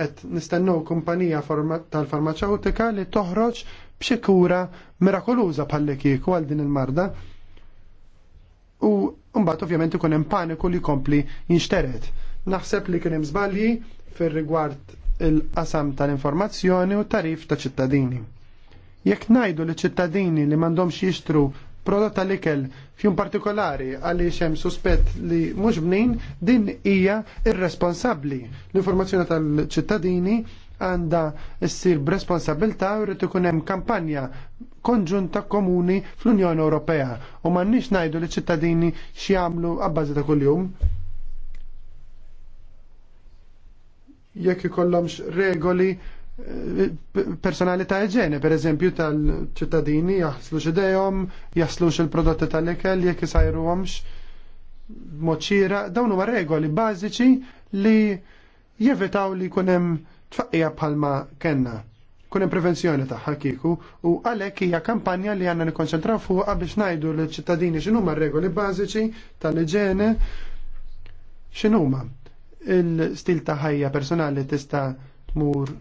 et nistennu kumpanija tal-farmaceutika li toħroġ b'xi kura mirakoluża palli kieku għal din il-marda. U Umbat ovvjament ikun hemm paniku li jkompli jinxteret. Naħseb li kien hemm żbalji fir-rigward il-qasam tal-informazzjoni u tarif ta' ċittadini. Jekk ngħidu li ċittadini li m'għandhomx jixtru prodott tal-ikel fjum partikolari għaliex hemm suspett li mhux bnin din hija irresponsabbli. L-informazzjoni tal-ċittadini għandha ssir b'responsabilità b-responsabilta ikun hemm kampanja konġunta komuni fl-Unjoni Ewropea u m'għandniex ngħidu li ċittadini xiamlu għabbażi ta' kuljum. Jekk ikollhomx regoli eh, personali ta' ġene, per eżempju tal-ċittadini jaħslu xidejom, jaħslu il-prodotti tal-ekel, jekk isajruhomx moċira, dawnu ma regoli bażiċi li jevitaw li jkun hemm tfaqqija bħalma kenna. Kunem prevenzjoni taħħa kiku u għalek hija kampanja li għanna nikonċentraw fuqha biex najdu l-ċittadini x'inhuma regoli bażiċi tal-iġene x'inhuma il-stil ta' ħajja personali tista' tmur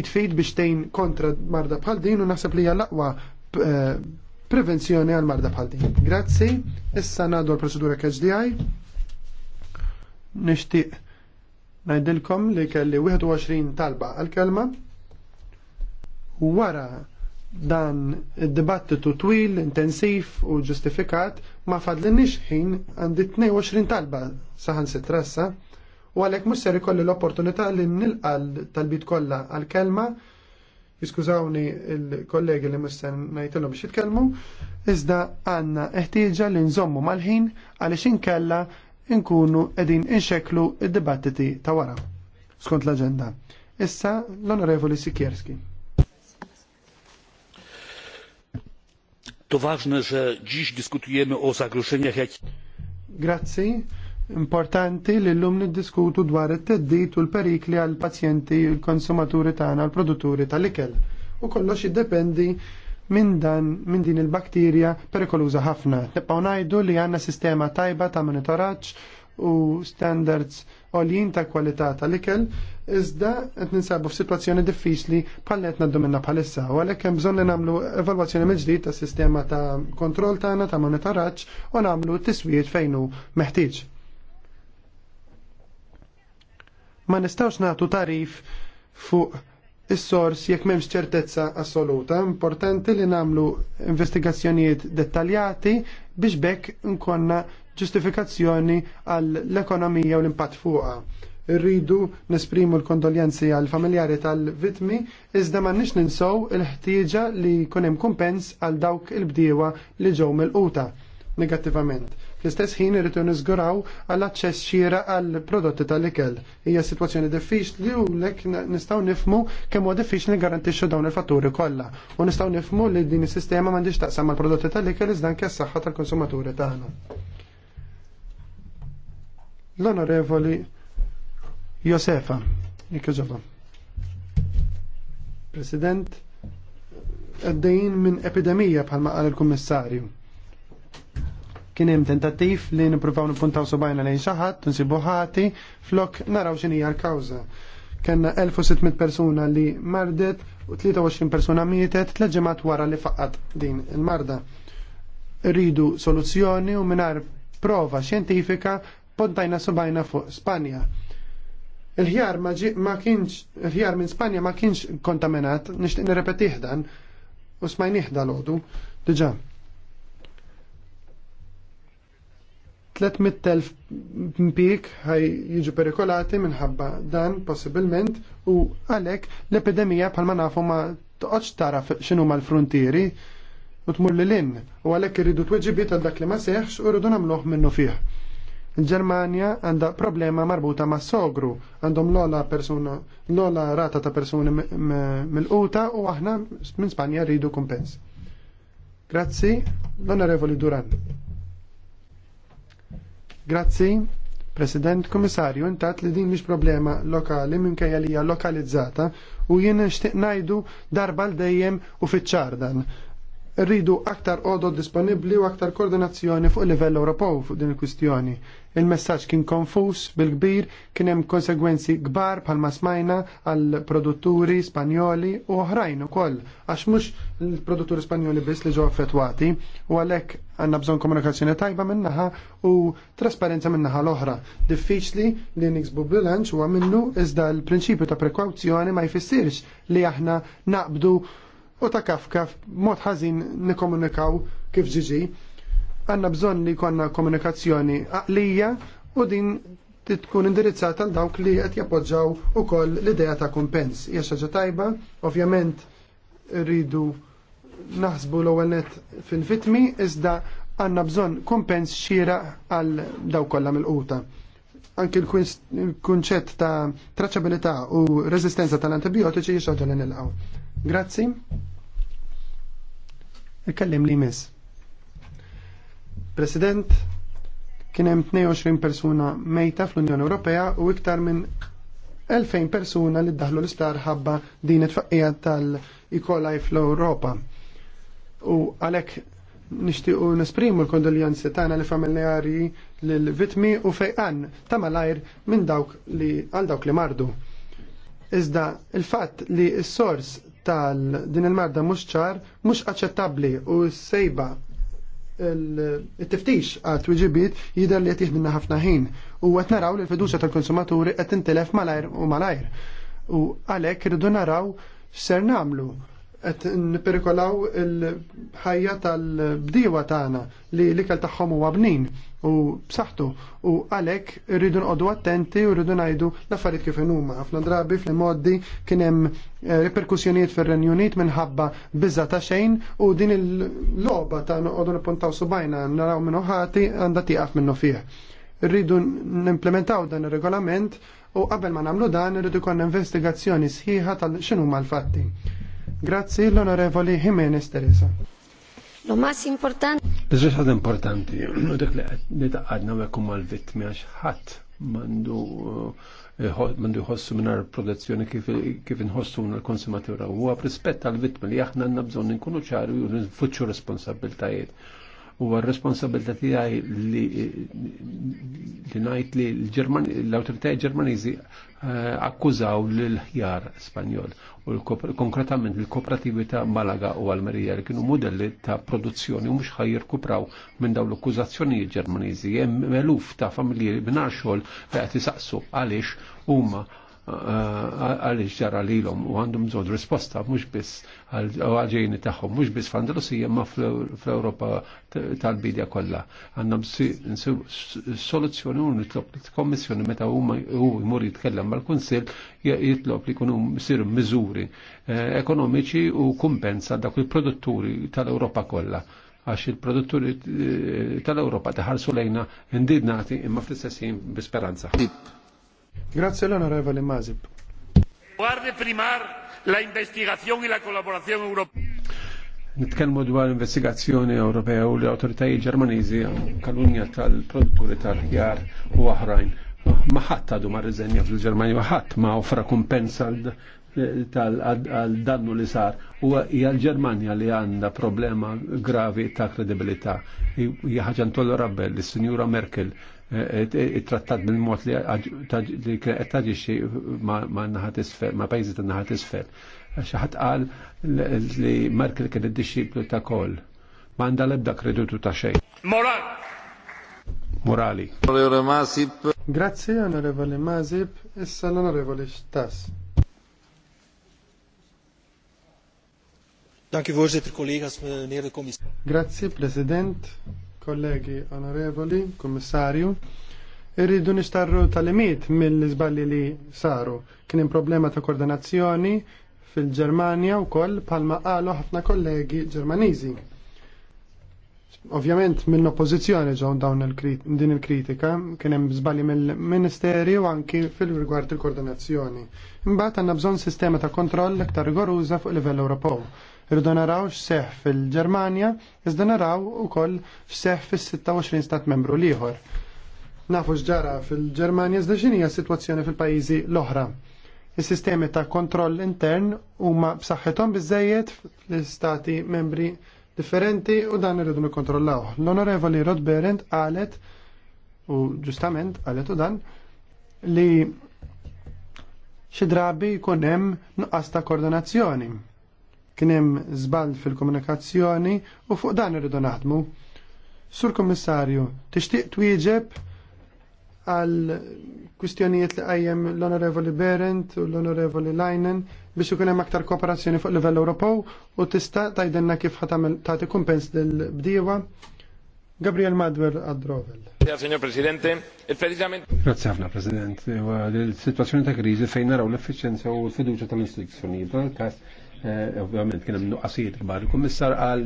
id fid biex tejn kontra marda bħal din u naħseb li hija l-aqwa eh, prevenzjoni għal marda bħal din. Grazzi, issa nadu l-proċedura KHDI. Nishtiq Najdilkom li kelli 21 talba għal-kelma. Wara dan id-dibattitu twil, intensiv u ġustifikat ma fadlinix ħin għandi 22 talba saħan sitrassa u għalek musser ikolli l-opportunità li nilqal talbit kolla għal-kelma jiskużawni il-kollegi li musten najtillu biex jitkelmu, iżda għanna eħtieġa li nżommu mal-ħin għalix inkella inkunu edin inxeklu id-dibattiti ta' wara skont l-agenda. Issa l-Onorevoli Sikierski. To ważne, że dziś dyskutujemy o zagrożeniach, jak... Grazzi. Importanti li l-lum niddiskutu dwar it-teddit u l-perikli għal pazjenti, l-konsumaturi tagħna, l-produtturi tal-ikel. U kollox jiddependi minn dan minn din il-bakterja perikoluża ħafna. Nibqgħu ngħidu li għandna sistema tajba ta' monitoraġġ u standards għoljin ta' kwalità tal-ikel, iżda qed ninsabu f'sitwazzjoni diffiċli bħal qed ngħaddu minnha bħalissa. U għalhekk hemm bżonn li nagħmlu evalwazzjoni mill-ġdid tas sistema ta' kontroll tagħna ta' monitoraġġ u nagħmlu tiswijiet fejn hu meħtieġ. Ma nistgħux nagħtu tarif fuq is-sors jekk m'hemmx ċertezza assoluta. Importanti li nagħmlu investigazzjonijiet dettaljati biex bekk nkonna ġustifikazzjoni għall-ekonomija u l-impatt fuqha. Irridu nesprimu l-kondoljenzi għal familjari tal-vitmi, iżda ma nix ninsow il-ħtieġa li kunem kumpens għal dawk il-bdiewa li ġew mill-quta negattivament Fl-istess ħin irridu niżguraw għall aċċess xira għall prodotti tal-ikel. Hija sitwazzjoni diffiċli u lek nistgħu nifmu kemm huwa diffiċli garantixxu dawn il-fatturi kollha. U nistgħu nifmu li din is-sistema m'għandix taqsam mal-prodotti tal-ikel iżda kess saħħa tal-konsumaturi tagħna. L-Onorevoli Josefa, jikkeġoba. President, għaddejn minn epidemija bħalma qal il-Kummissarju kien hemm tentattiv li nippruvaw nippuntaw subajna lejn xi ħadd insibu ħati flok naraw x'inhi l-kawża. Kenna 1600 persuna li mardet u 23 persuna mietet tliet ġimgħat wara li faqat din il-marda. Rridu soluzzjoni u mingħajr prova xjentifika pontajna subajna fuq Spanja. Il-ħjar ma kienx, il-ħjar minn Spanja ma kienx kontaminat, nixtieq nirrepetih dan u smajnih dal-għodu, diġa' 300.000 mpik ħaj jiġu perikolati minħabba dan possibilment u għalek l-epidemija bħalma nafu ma toqgħodx tara ma l frontieri u tmur l in u għalhekk irridu tweġibiet għal dak li ma seħx u rridu nagħmluh minnu fiħ. il ġermania għandha problema marbuta ma' sogru, għandhom l-ola persuna, l-ola rata ta' persuni mill-quta u aħna minn Spanja rridu kumpens. Grazzi, l-Onorevoli Duran. Grazzi, President Komissarju, intat li din mhix problema lokali minkejja li hija lokalizzata u jien nixtieq ngħidu darba l dejjem u fiċ-ċardan rridu aktar qodod disponibbli u aktar koordinazzjoni fuq livell Ewropew fuq din il-kwistjoni. Il-messaġġ kien konfus bil-kbir kien hemm konsegwenzi kbar bħalma smajna għal produtturi Spanjoli u oħrajn ukoll għax mhux il-produtturi Spanjoli biss li ġew affettwati u għalhekk għandna bżonn komunikazzjoni tajba minnaħa u trasparenza minnaħa l-oħra. Diffiċli li niksbu bilanċ huwa minnu iżda l-prinċipju ta' prekawzjoni ma jfissirx li aħna naqbdu u ta' kafka mod ħażin nikomunikaw kif ġiġi. Għanna bżonn li konna komunikazzjoni għaqlija u din tkun indirizzata għal dawk li qed jappoġġaw ukoll l-idea ta' kumpens. Hija xaġa tajba, ovvjament rridu naħsbu l-ewwel net fil-fitmi iżda għandna bżonn kumpens xira għal daw kollha mill-quta anki l-kunċett ta' traċabilità u reżistenza tal-antibiotiċi jixħoġa nilqgħu. Grazzi. Ikkellim li miss. President, kien hemm 22 persuna mejta fl-Unjoni Ewropea u iktar minn 2000 persuna li ddaħlu l-isptar ħabba din it tfaqija tal-E. coli fl-Ewropa. U għalhekk nixtiequ nesprimu l-kondoljanzi tagħna li familjari lill-vitmi u fejqan ta' malajr minn dawk li għal dawk li mardu. Iżda il-fatt li s-sors tal din il-marda mhux ċar, mhux aċċettabbli u sejba il-tiftix għat twiġibit jidher li qed minna ħafna ħin u qed naraw li l-fiduċja tal-konsumaturi qed intelef malajr u malajr. U għalhekk irridu naraw ser namlu qed nperikolaw il-ħajja tal-bdiewa tagħna li l-ikel tagħhom huwa bnin u b'saħħtu u għalhekk irridu nqogħdu attenti u rridu ngħidu l-affarijiet kif huma. Ħafna drabi fl-modi kien hemm eh, reperkussjonijiet fir-Renju Unit minħabba biża ta' xejn u din il-logħba ta' noqogħdu nippuntaw subajna naraw minn ħati għandha tieqaf minnu fih. Irridu nimplementaw dan ir-regolament u qabel ma nagħmlu dan irridu jkollna investigazzjoni sħiħa tal x'inhuma l-fatti Grazzi l Jimenez Teresa. Lo mas importanti. Bizzis ħad importanti, u dak li taqadna mekkum mal-vittmi għax ħadd mandu eh, mandu jħossu minar protezzjoni kif inħossu l-konsumatura. U għab rispetta għal-vittmi li aħna għanna bżon nkunu ċaru u nfuċċu responsabiltajiet u għal-responsabilta tijaj li, li najt li l-autoritajiet ġermanizi Eh, akkużaw l-ħjar Spanjol u konkretament l-kooperativi ta' Malaga u Almerija li kienu modelli ta' produzzjoni u mhux ħajjirkupraw minn dawn l-akkużazzjonijiet Ġermaniżi hemm eluf ta' familji bingħar xogħol li qed isaqsu għaliex huma Eh, għaliex ġara lilhom u għandhom bżonn risposta mhux biss għalġejni tagħhom, mhux biss f'Andalusija ma fl-Ewropa tal-bidja kollha. Għandhom soluzzjoni u li t kommissjoni meta huma jmur jitkellem mal-Kunsill jitlob li jkunu msiru miżuri eh, ekonomiċi u kumpensa dak il-produtturi tal-Ewropa kollha għax il-produtturi eh, tal-Europa taħarsu lejna indidnati imma fl-istessin bisperanza. Grazie l'onorevole Masip. Guardi primar la investigazione e la collaborazione europea. Nitkellmu dwar investigazzjoni Ewropea u l-autoritajiet Ġermaniżi kalunja tal-produtturi tal-ħjar u oħrajn. Ma ħadd għadu ma riżenja fil-Ġermanja, ma ħadd ma offra kumpensa tal-dannu li sar. U hija l-Ġermanja li għandha problema gravi ta' kredibilità. Hija ħaġa intollorabbel li sinjura Merkel trattat bil-mod li qed xie ma' naħat isfel, ma' pajjiżi ta' naħat isfel. Xaħat għal li Merkel kien id-dixxiplu ta' kol. Ma għandha l-ebda kredutu ta' xej. Moral! Morali. Onorevole Masip. Grazie, onorevole Masip. Issa l-onorevole Stas. Dank u voorzitter, collega's, meneer de Grazie, Presidente kollegi onorevoli, kummissarju. Irridu nistarru tal-limit mill-izballi li saru. Kien hemm problema ta' koordinazzjoni fil u wkoll palma qalu ħafna kollegi Ġermaniżi. Ovvjament minn oppożizzjoni ġew dawn din il-kritika kien hemm żbalji mill-Ministeri u anki fil-rigward il-koordinazzjoni. Imbagħad għandna bżonn sistema ta' kontroll aktar rigoruża fuq livell Ewropew Irridu naraw x'seħħ fil-Ġermanja, iżda naraw ukoll seħ fis-26 stat membru liħor. Nafu x'ġara fil-Ġermanja iżda x'inhi s-sitwazzjoni fil-pajjiżi l-oħra. Is-sistemi ta' kontroll intern huma b'saħħithom biżejjed fl-istati membri differenti u dan irridu nikkontrollaw. L-Onorevoli Rod Berend qalet u ġustament qalet u dan li xi drabi jkun hemm nuqqas ta' koordinazzjoni Kien hemm fil-komunikazzjoni u fuq dan irridu naħdmu. Sur Kommissarju, tixtieq twieġeb għal kwistjonijiet li qajjem l-Onorevoli Berend u l-Onorevoli Leinen biex ikun hemm aktar kooperazzjoni fuq livell Ewropew u tista' tgħidilna kif ħatamel tagħti kumpens lill-bdiewa. Gabriel Madwer għad-Drovel. Signor Presidente, e il-President. Grazie ħafna, President. Il-situazzjoni ta' kriżi fejn naraw l efficienza u l-fiduċa tal-istituzzjonijiet. dal kas Eh, ovvjament kien hemm nuqqasijiet kbar. Il-Kummissar qal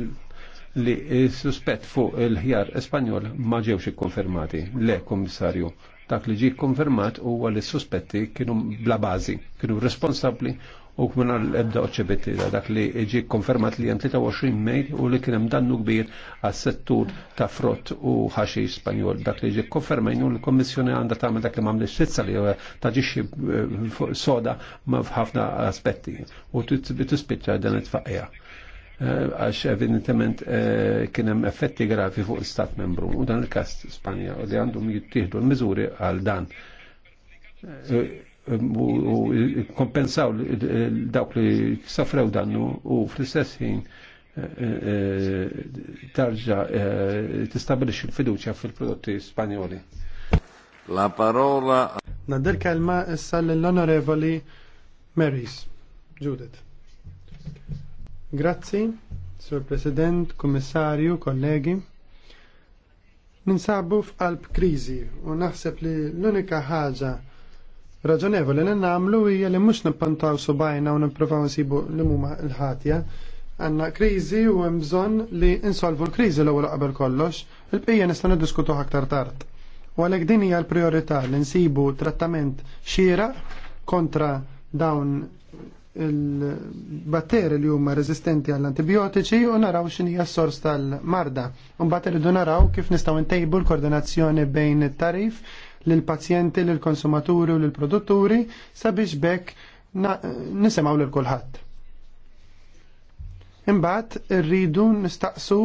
li suspett fuq il-ħjar Espanjol ma ġewx ikkonfermati. Le, Kummissarju, dak li ġie konfermat huwa li suspetti kienu bla bażi, kienu responsabbli u kmin għal-ebda oċċebetti dak li iġi konfermat li jen 23 mej u li kienem dannu kbir għas-settur ta' frott u ħaxi spanjol. Dak li iġi ġi konfermajnu l-Kommissjoni għanda ta' dak li mamli s-sizza li taġiċi eh, soda ma' f'ħafna aspetti u t-spiċċa dan it faqja eh, għax evidentement eh, kienem effetti grafi fuq l-Stat membru u dan il kast Spanja u li għandhom jittihdu l mizuri għal dan u kompensaw dawk li safrew dannu u fl-istess ħin eh, eh, tarġa eh, tistabilixi il fiduċja fil-prodotti spanjoli. La parola. Nadir kelma issa l-onorevoli Marys, Judith. Grazzi, Sur President, Kommissarju, kollegi. Ninsabu f'qalb krizi u naħseb li l-unika ħaġa raġonevoli li nagħmlu hija li mhux nippantaw subajna u nippruvaw nsibu li huma l-ħatja. Għandna kriżi u hemm bżonn li insolvu l-kriżi l-ewwel qabel kollox, il-bqija nista' niddiskutu aktar tard. U għalhekk din hija l-prijorità li nsibu trattament xieraq kontra dawn il-batteri li huma resistenti għall antibiotiċi u naraw x'inhi s-sors tal-marda. Mbagħad irridu naraw kif nistgħu ntejbu l-koordinazzjoni bejn it-tarif l-pazjenti, l-konsumaturi u l-produtturi sabiex bekk nisemaw l kulħadd. Imbagħad irridu nistaqsu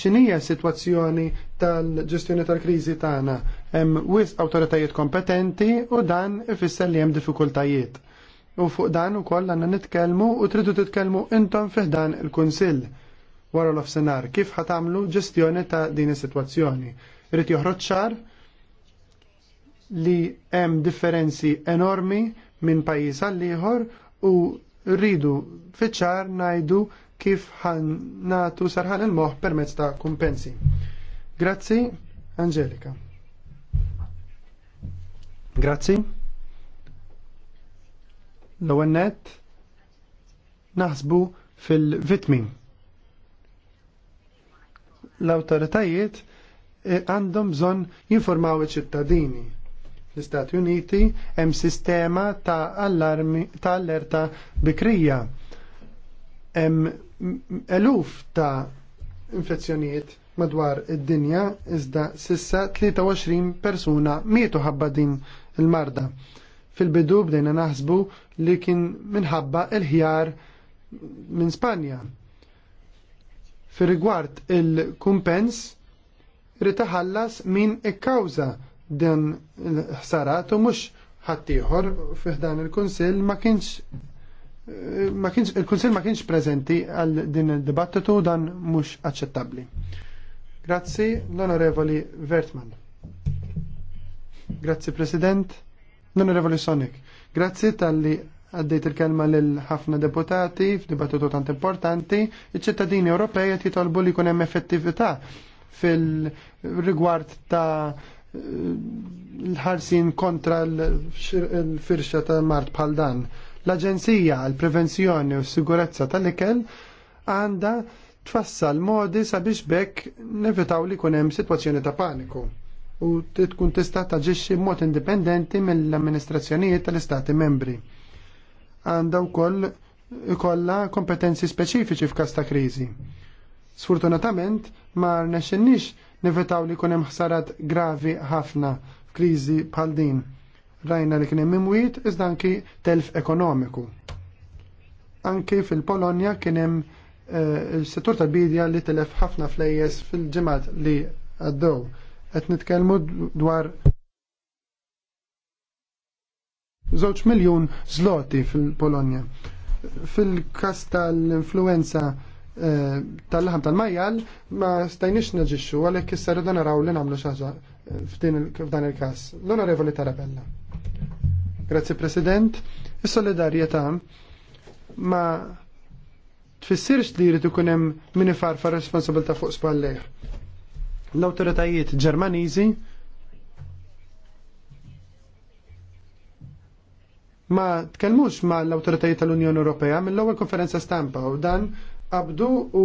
x'inhija s-sitwazzjoni tal-ġestjoni tal-kriżi tagħna. Hemm wisq awtoritajiet kompetenti u dan ifisser li hemm diffikultajiet. U fuq dan ukoll għandna nitkellmu u tridu titkellmu intom fih dan il-Kunsill wara l-offsenar kif ħatamlu ġestjoni ta' din is-sitwazzjoni. Irid joħroġ ċar li hemm differenzi enormi minn pajjiż għal ieħor u rridu fiċar najdu kif ħan natu sarħan il-moħ permezz ta' kumpensi. Grazzi, Angelika. Grazzi. L-għennet naħsbu fil-vitmi. L-autoritajiet eh, għandhom bżon jinformaw iċ-ċittadini l-Istati Uniti hemm sistema ta' allarmi ta' allerta bikrija. Hemm eluf ta' infezzjonijiet madwar id-dinja iżda sissa 23 persuna mietu ħabba din il-marda. Fil-bidu bdejna naħsbu li kien minħabba il-ħjar minn Spanja. Fir rigward il-kumpens ritaħallas min ikkawża Dan l-ħsarat u mhux ħaddieħor dan il-Kunsill ma kienx ma kienx il-Kunsill ma kienx preżenti għal din il-dibattitu dan mhux aċċettabbli. Grazzi l-Onorevoli Vertman. Grazzi President. L-Onorevoli Sonic. Grazzi tal-li għaddejt il-kelma l-ħafna deputati f'dibattitu tant importanti, iċ-ċittadini Ewropej qed jitolbu li jkun hemm effettività fil-rigward ta' l-ħarsin kontra l-firxa ta' mart bħal dan. L-Aġenzija għal prevenzjoni u Sigurezza tal-ikel għanda tfassal modi sabiex bekk nevitaw li kunem situazzjoni ta' paniku u tkun tista' taġixxi mod indipendenti mill-amministrazzjonijiet tal-istati membri. Għanda wkoll ikolla kompetenzi speċifiċi f'każ ta' kriżi. Sfortunatament ma rnexxinniex Nivetaw li kunem ħsarat gravi ħafna f'krizi bħal din. Rajna li kienem imwiet iżda anki telf ekonomiku. Anki fil-Polonja kienem eh, il-settur uh, tal-bidja li telef ħafna flejjes fil-ġemat li għaddew. Qed nitkellmu dwar Żewġ miljun zloti fil-Polonja. Fil-kas tal-influenza tal-laħam tal-majjal ma stajniex naġixxu għalhekk isser dan naraw li nagħmlu xi ħaġa f'dan il-każ. L-Onorevoli Tarabella. Grazzi President. Is-solidarjetà ma tfissirx li jrid ikun hemm min responsabilta fuq spallejh. L-awtoritajiet Ġermaniżi ma tkellmux ma l-awtoritajiet tal-Unjoni Ewropea mill-ewwel konferenza stampa u dan qabdu u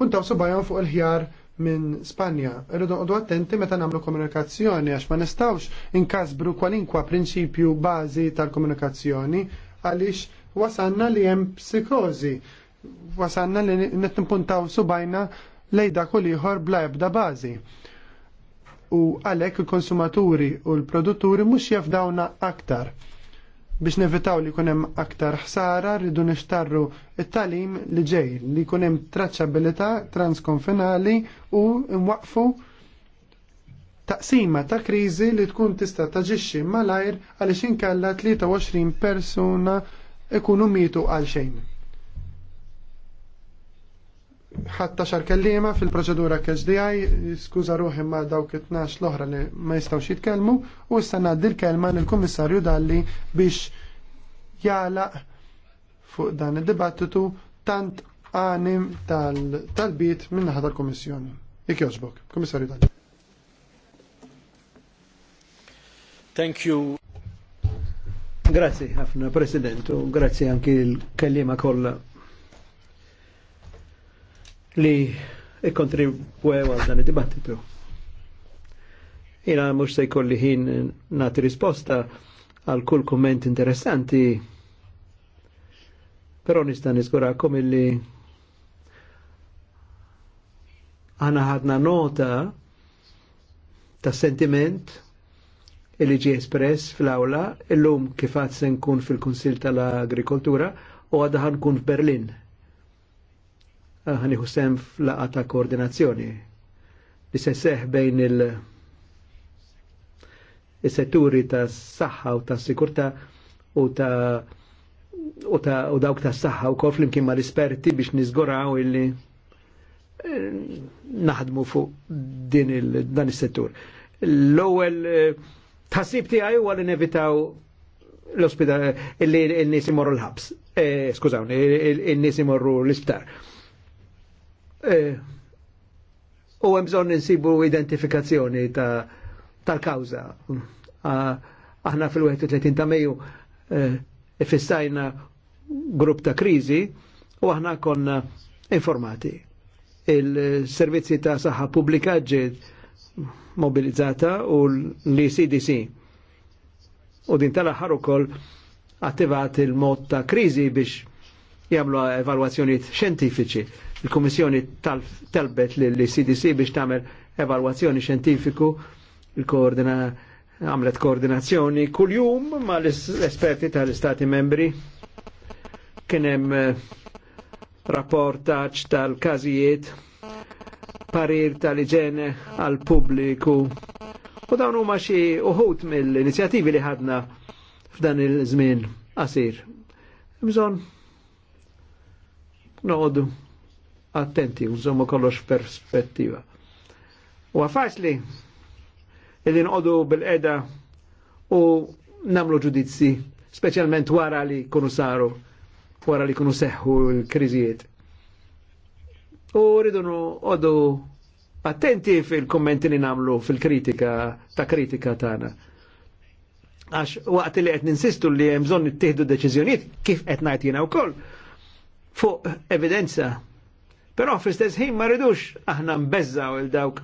puntaw subajhom fuq il-ħjar minn Spanja. Irridu għadu attenti meta nagħmlu komunikazzjoni għax ma nistawx inkasbru kwalinkwa prinċipju bażi tal-komunikazzjoni għaliex wasanna li hemm psikozi. Wasanna li qed nimpuntaw subajna lejn dak ieħor bla ebda bażi. U għalhekk il-konsumaturi u l-produtturi mhux jafdawna aktar. Biex nevitaw li kunem aktar ħsara, rridu nixtarru it-talim li ġej, li kunem traċabilità transkonfinali u mwaqfu taqsima ta' krizi li tkun tista' taġixxi malajr għaliex inkella 23 persuna ikunu mitu għal xejn ħatta xar kellima fil-proċedura KSDI, skuza ruħi ma dawk 12 l-oħra li ma jistawx jitkellmu, u issa ngħaddi l-kelma lill-Kummissarju Dalli biex jalaq fuq dan id-dibattitu tant għanim tal-bit minn naħa tal-Kummissjoni. Ik joġbok, Kummissarju Dalli. Thank you. Grazie ħafna Presidentu, grazie anki l-kellima kollha li ikkontribwew għal dan id-dibattitu. Jina mux se jkolli ħin nati risposta għal kull komment interessanti, pero nista nizgurakom illi għana ħadna nota ta' sentiment illi ġi espress fl-awla, illum kifat se nkun fil konsil tal-Agrikoltura u għadħan kun f'Berlin Ah, ħaniħu sem f'laqa ta' koordinazzjoni li se seħ bejn il- is-setturi ta' saħħa u ta' sikurta u ta' u ta' u dawk ta' saħħa u kol flimkien ma' l-esperti biex nizgoraw illi eh, naħdmu fuq din il dan is-settur. L-ewwel eh, tħassib tiegħi huwa li nevitaw l-ospita eh, illi n-nies imorru l-ħabs. Skużawni, n-nies imorru l-isptar E, u hemm bżonn insibu identifikazzjoni tal-kawża. Aħna fil-31 ta' Mejju e, ifissajna grupp ta' kriżi u aħna konna informati. Il-servizzi ta' saħħa pubblika ġiet mobilizzata u l-CDC. U din tal-aħħar ukoll attivat il-mod ta' kriżi biex jagħmlu evalwazzjonijiet xjentifiċi Il-Kummissjoni talbet lill-CDC biex tagħmel evalwazzjoni xjentifiku għamlet koordinazzjoni kuljum ma l-esperti tal-Istati membri kienem eh, rapportaċ tal-kazijiet parir tal-iġene għal pubbliku u dawn huma xi uħut mill inizjativi li ħadna f'dan il-żmien qasir. Bżonn noqogħdu attenti, użommu kollox perspettiva. U għafasli li nqodu bil-qeda u namlu ġudizzi, specialment wara li kunu saru, wara li kunu seħu l-kriżijiet. U rridu nqodu attenti fil-kommenti li namlu fil-kritika ta' kritika tagħna. Għax waqt li għet ninsistu li jemżon bżonn nittieħdu deċiżjonijiet kif najt jena u koll, fuq evidenza Però fl-istess ħin ma rridux aħna nbeżżaw il dawk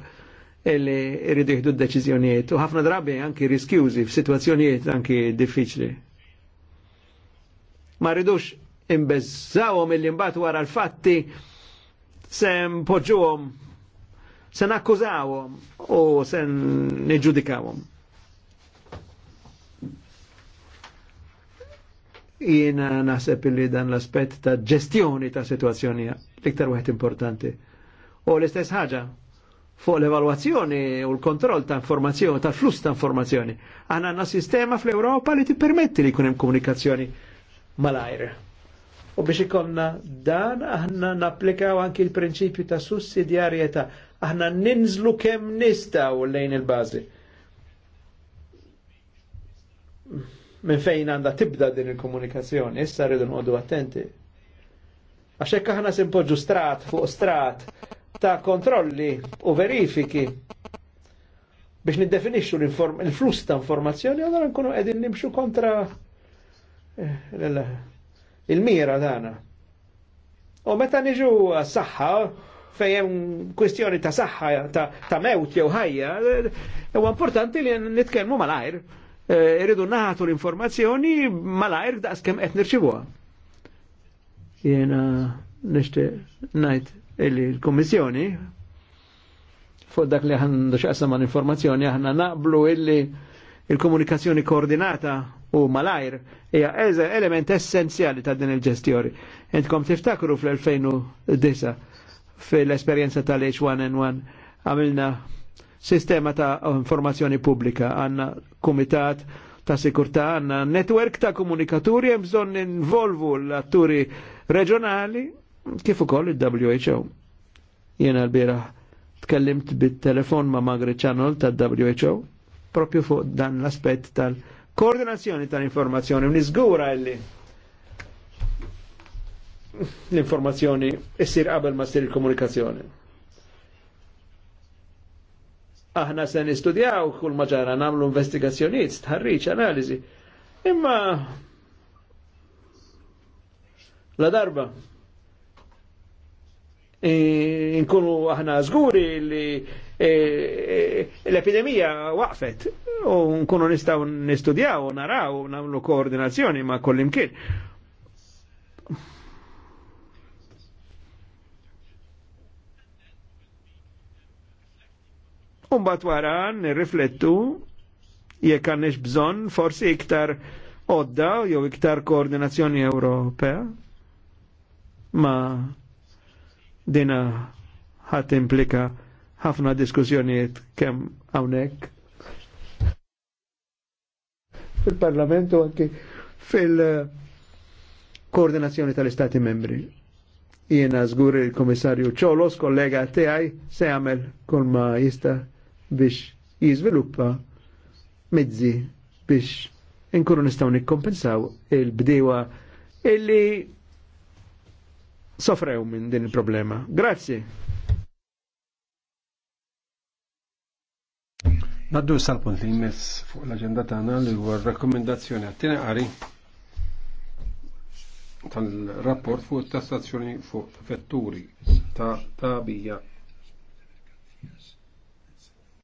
illi rridu jihdu d-deċizjonijiet u ħafna drabi anki riskjużi f'sitwazzjonijiet anki diffiċli. Ma rridux imbeżżawhom illi mbagħad wara l-fatti se mpoġġuhom se nakkużawhom u se niġġudikawhom. jina naħseb li dan l aspet ta' ġestjoni ta' situazzjoni l-iktar wieħed importanti. U l-istess ħaġa fuq l-evalwazzjoni u l-kontroll ta' informazzjoni, ta' flus ta' informazzjoni. Għanna għanna sistema fl-Europa li ti permetti li kunem komunikazzjoni mal-ajr. U biex ikonna dan, aħna napplikaw anki il-prinċipju ta' sussidjarieta. Aħna ninżlu kem nistaw lejn il bazi minn fejn għanda tibda din il-komunikazzjoni, issa rridu nqodu attenti. Għaxek aħna simpoġu strat fuq strat ta' kontrolli u verifiki biex niddefinixxu l-flus ta' informazzjoni, allora nkunu qegħdin nimxu kontra eh, il-mira tagħna. U meta niġu saħħa fejjem kwestjoni ta' saħħa ta', mewt jew ħajja, eh, huwa importanti li nitkellmu mal-ajr. Eh, irridu naħatu l-informazzjoni malajr daqs kem qed nirċivuha. Jena nishti najt illi l-Kommissjoni fuq dak li għandu xaqsam mal informazzjoni aħna naqblu illi il-komunikazzjoni koordinata u malajr hija element essenzjali ta' din il-ġestjoni. Entkom tiftakru fl-2009 fil-esperjenza tal-H1N1 għamilna sistema ta' informazzjoni pubblika, għanna komitat ta' sikurta, għanna network ta' komunikaturi, jem bżonn involvu l-atturi reġjonali kif ukoll il-WHO. Jena l-bira tkellimt bit-telefon ma' Magri Channel ta' who propju fuq dan l-aspett tal-koordinazzjoni tal-informazzjoni, nizgura illi l-informazzjoni essir qabel ma sir il-komunikazzjoni aħna se nistudjaw kull maġara namlu investigazzjoniet, tħarriċ, analizi. Imma la darba inkunu aħna żguri li e, e, l-epidemija waqfet u nkunu nistaw nistudjaw, naraw, namlu koordinazzjoni ma' kollimkien. Umbat wara nirriflettu jekk għandniex bżonn forsi iktar odda jew iktar koordinazzjoni Ewropea ma dina ħat implika ħafna diskussjonijiet kemm hawnhekk fil-Parlamentu anke fil-koordinazzjoni tal-Istati membri. Jiena żgur il-Komissarju Ċolos, kollega tiegħi, se jagħmel kull ma jista' biex jiżviluppa mezzi biex inkunu nistgħu nikkompensaw il-bdewa illi sofrew minn din il-problema. Grazie. Naddu sal-punt li jmess fuq l-agenda tagħna li huwa rakkomendazzjoni għat-tieni qari tal-rapport fuq tassazzjoni fuq vetturi ta' tabija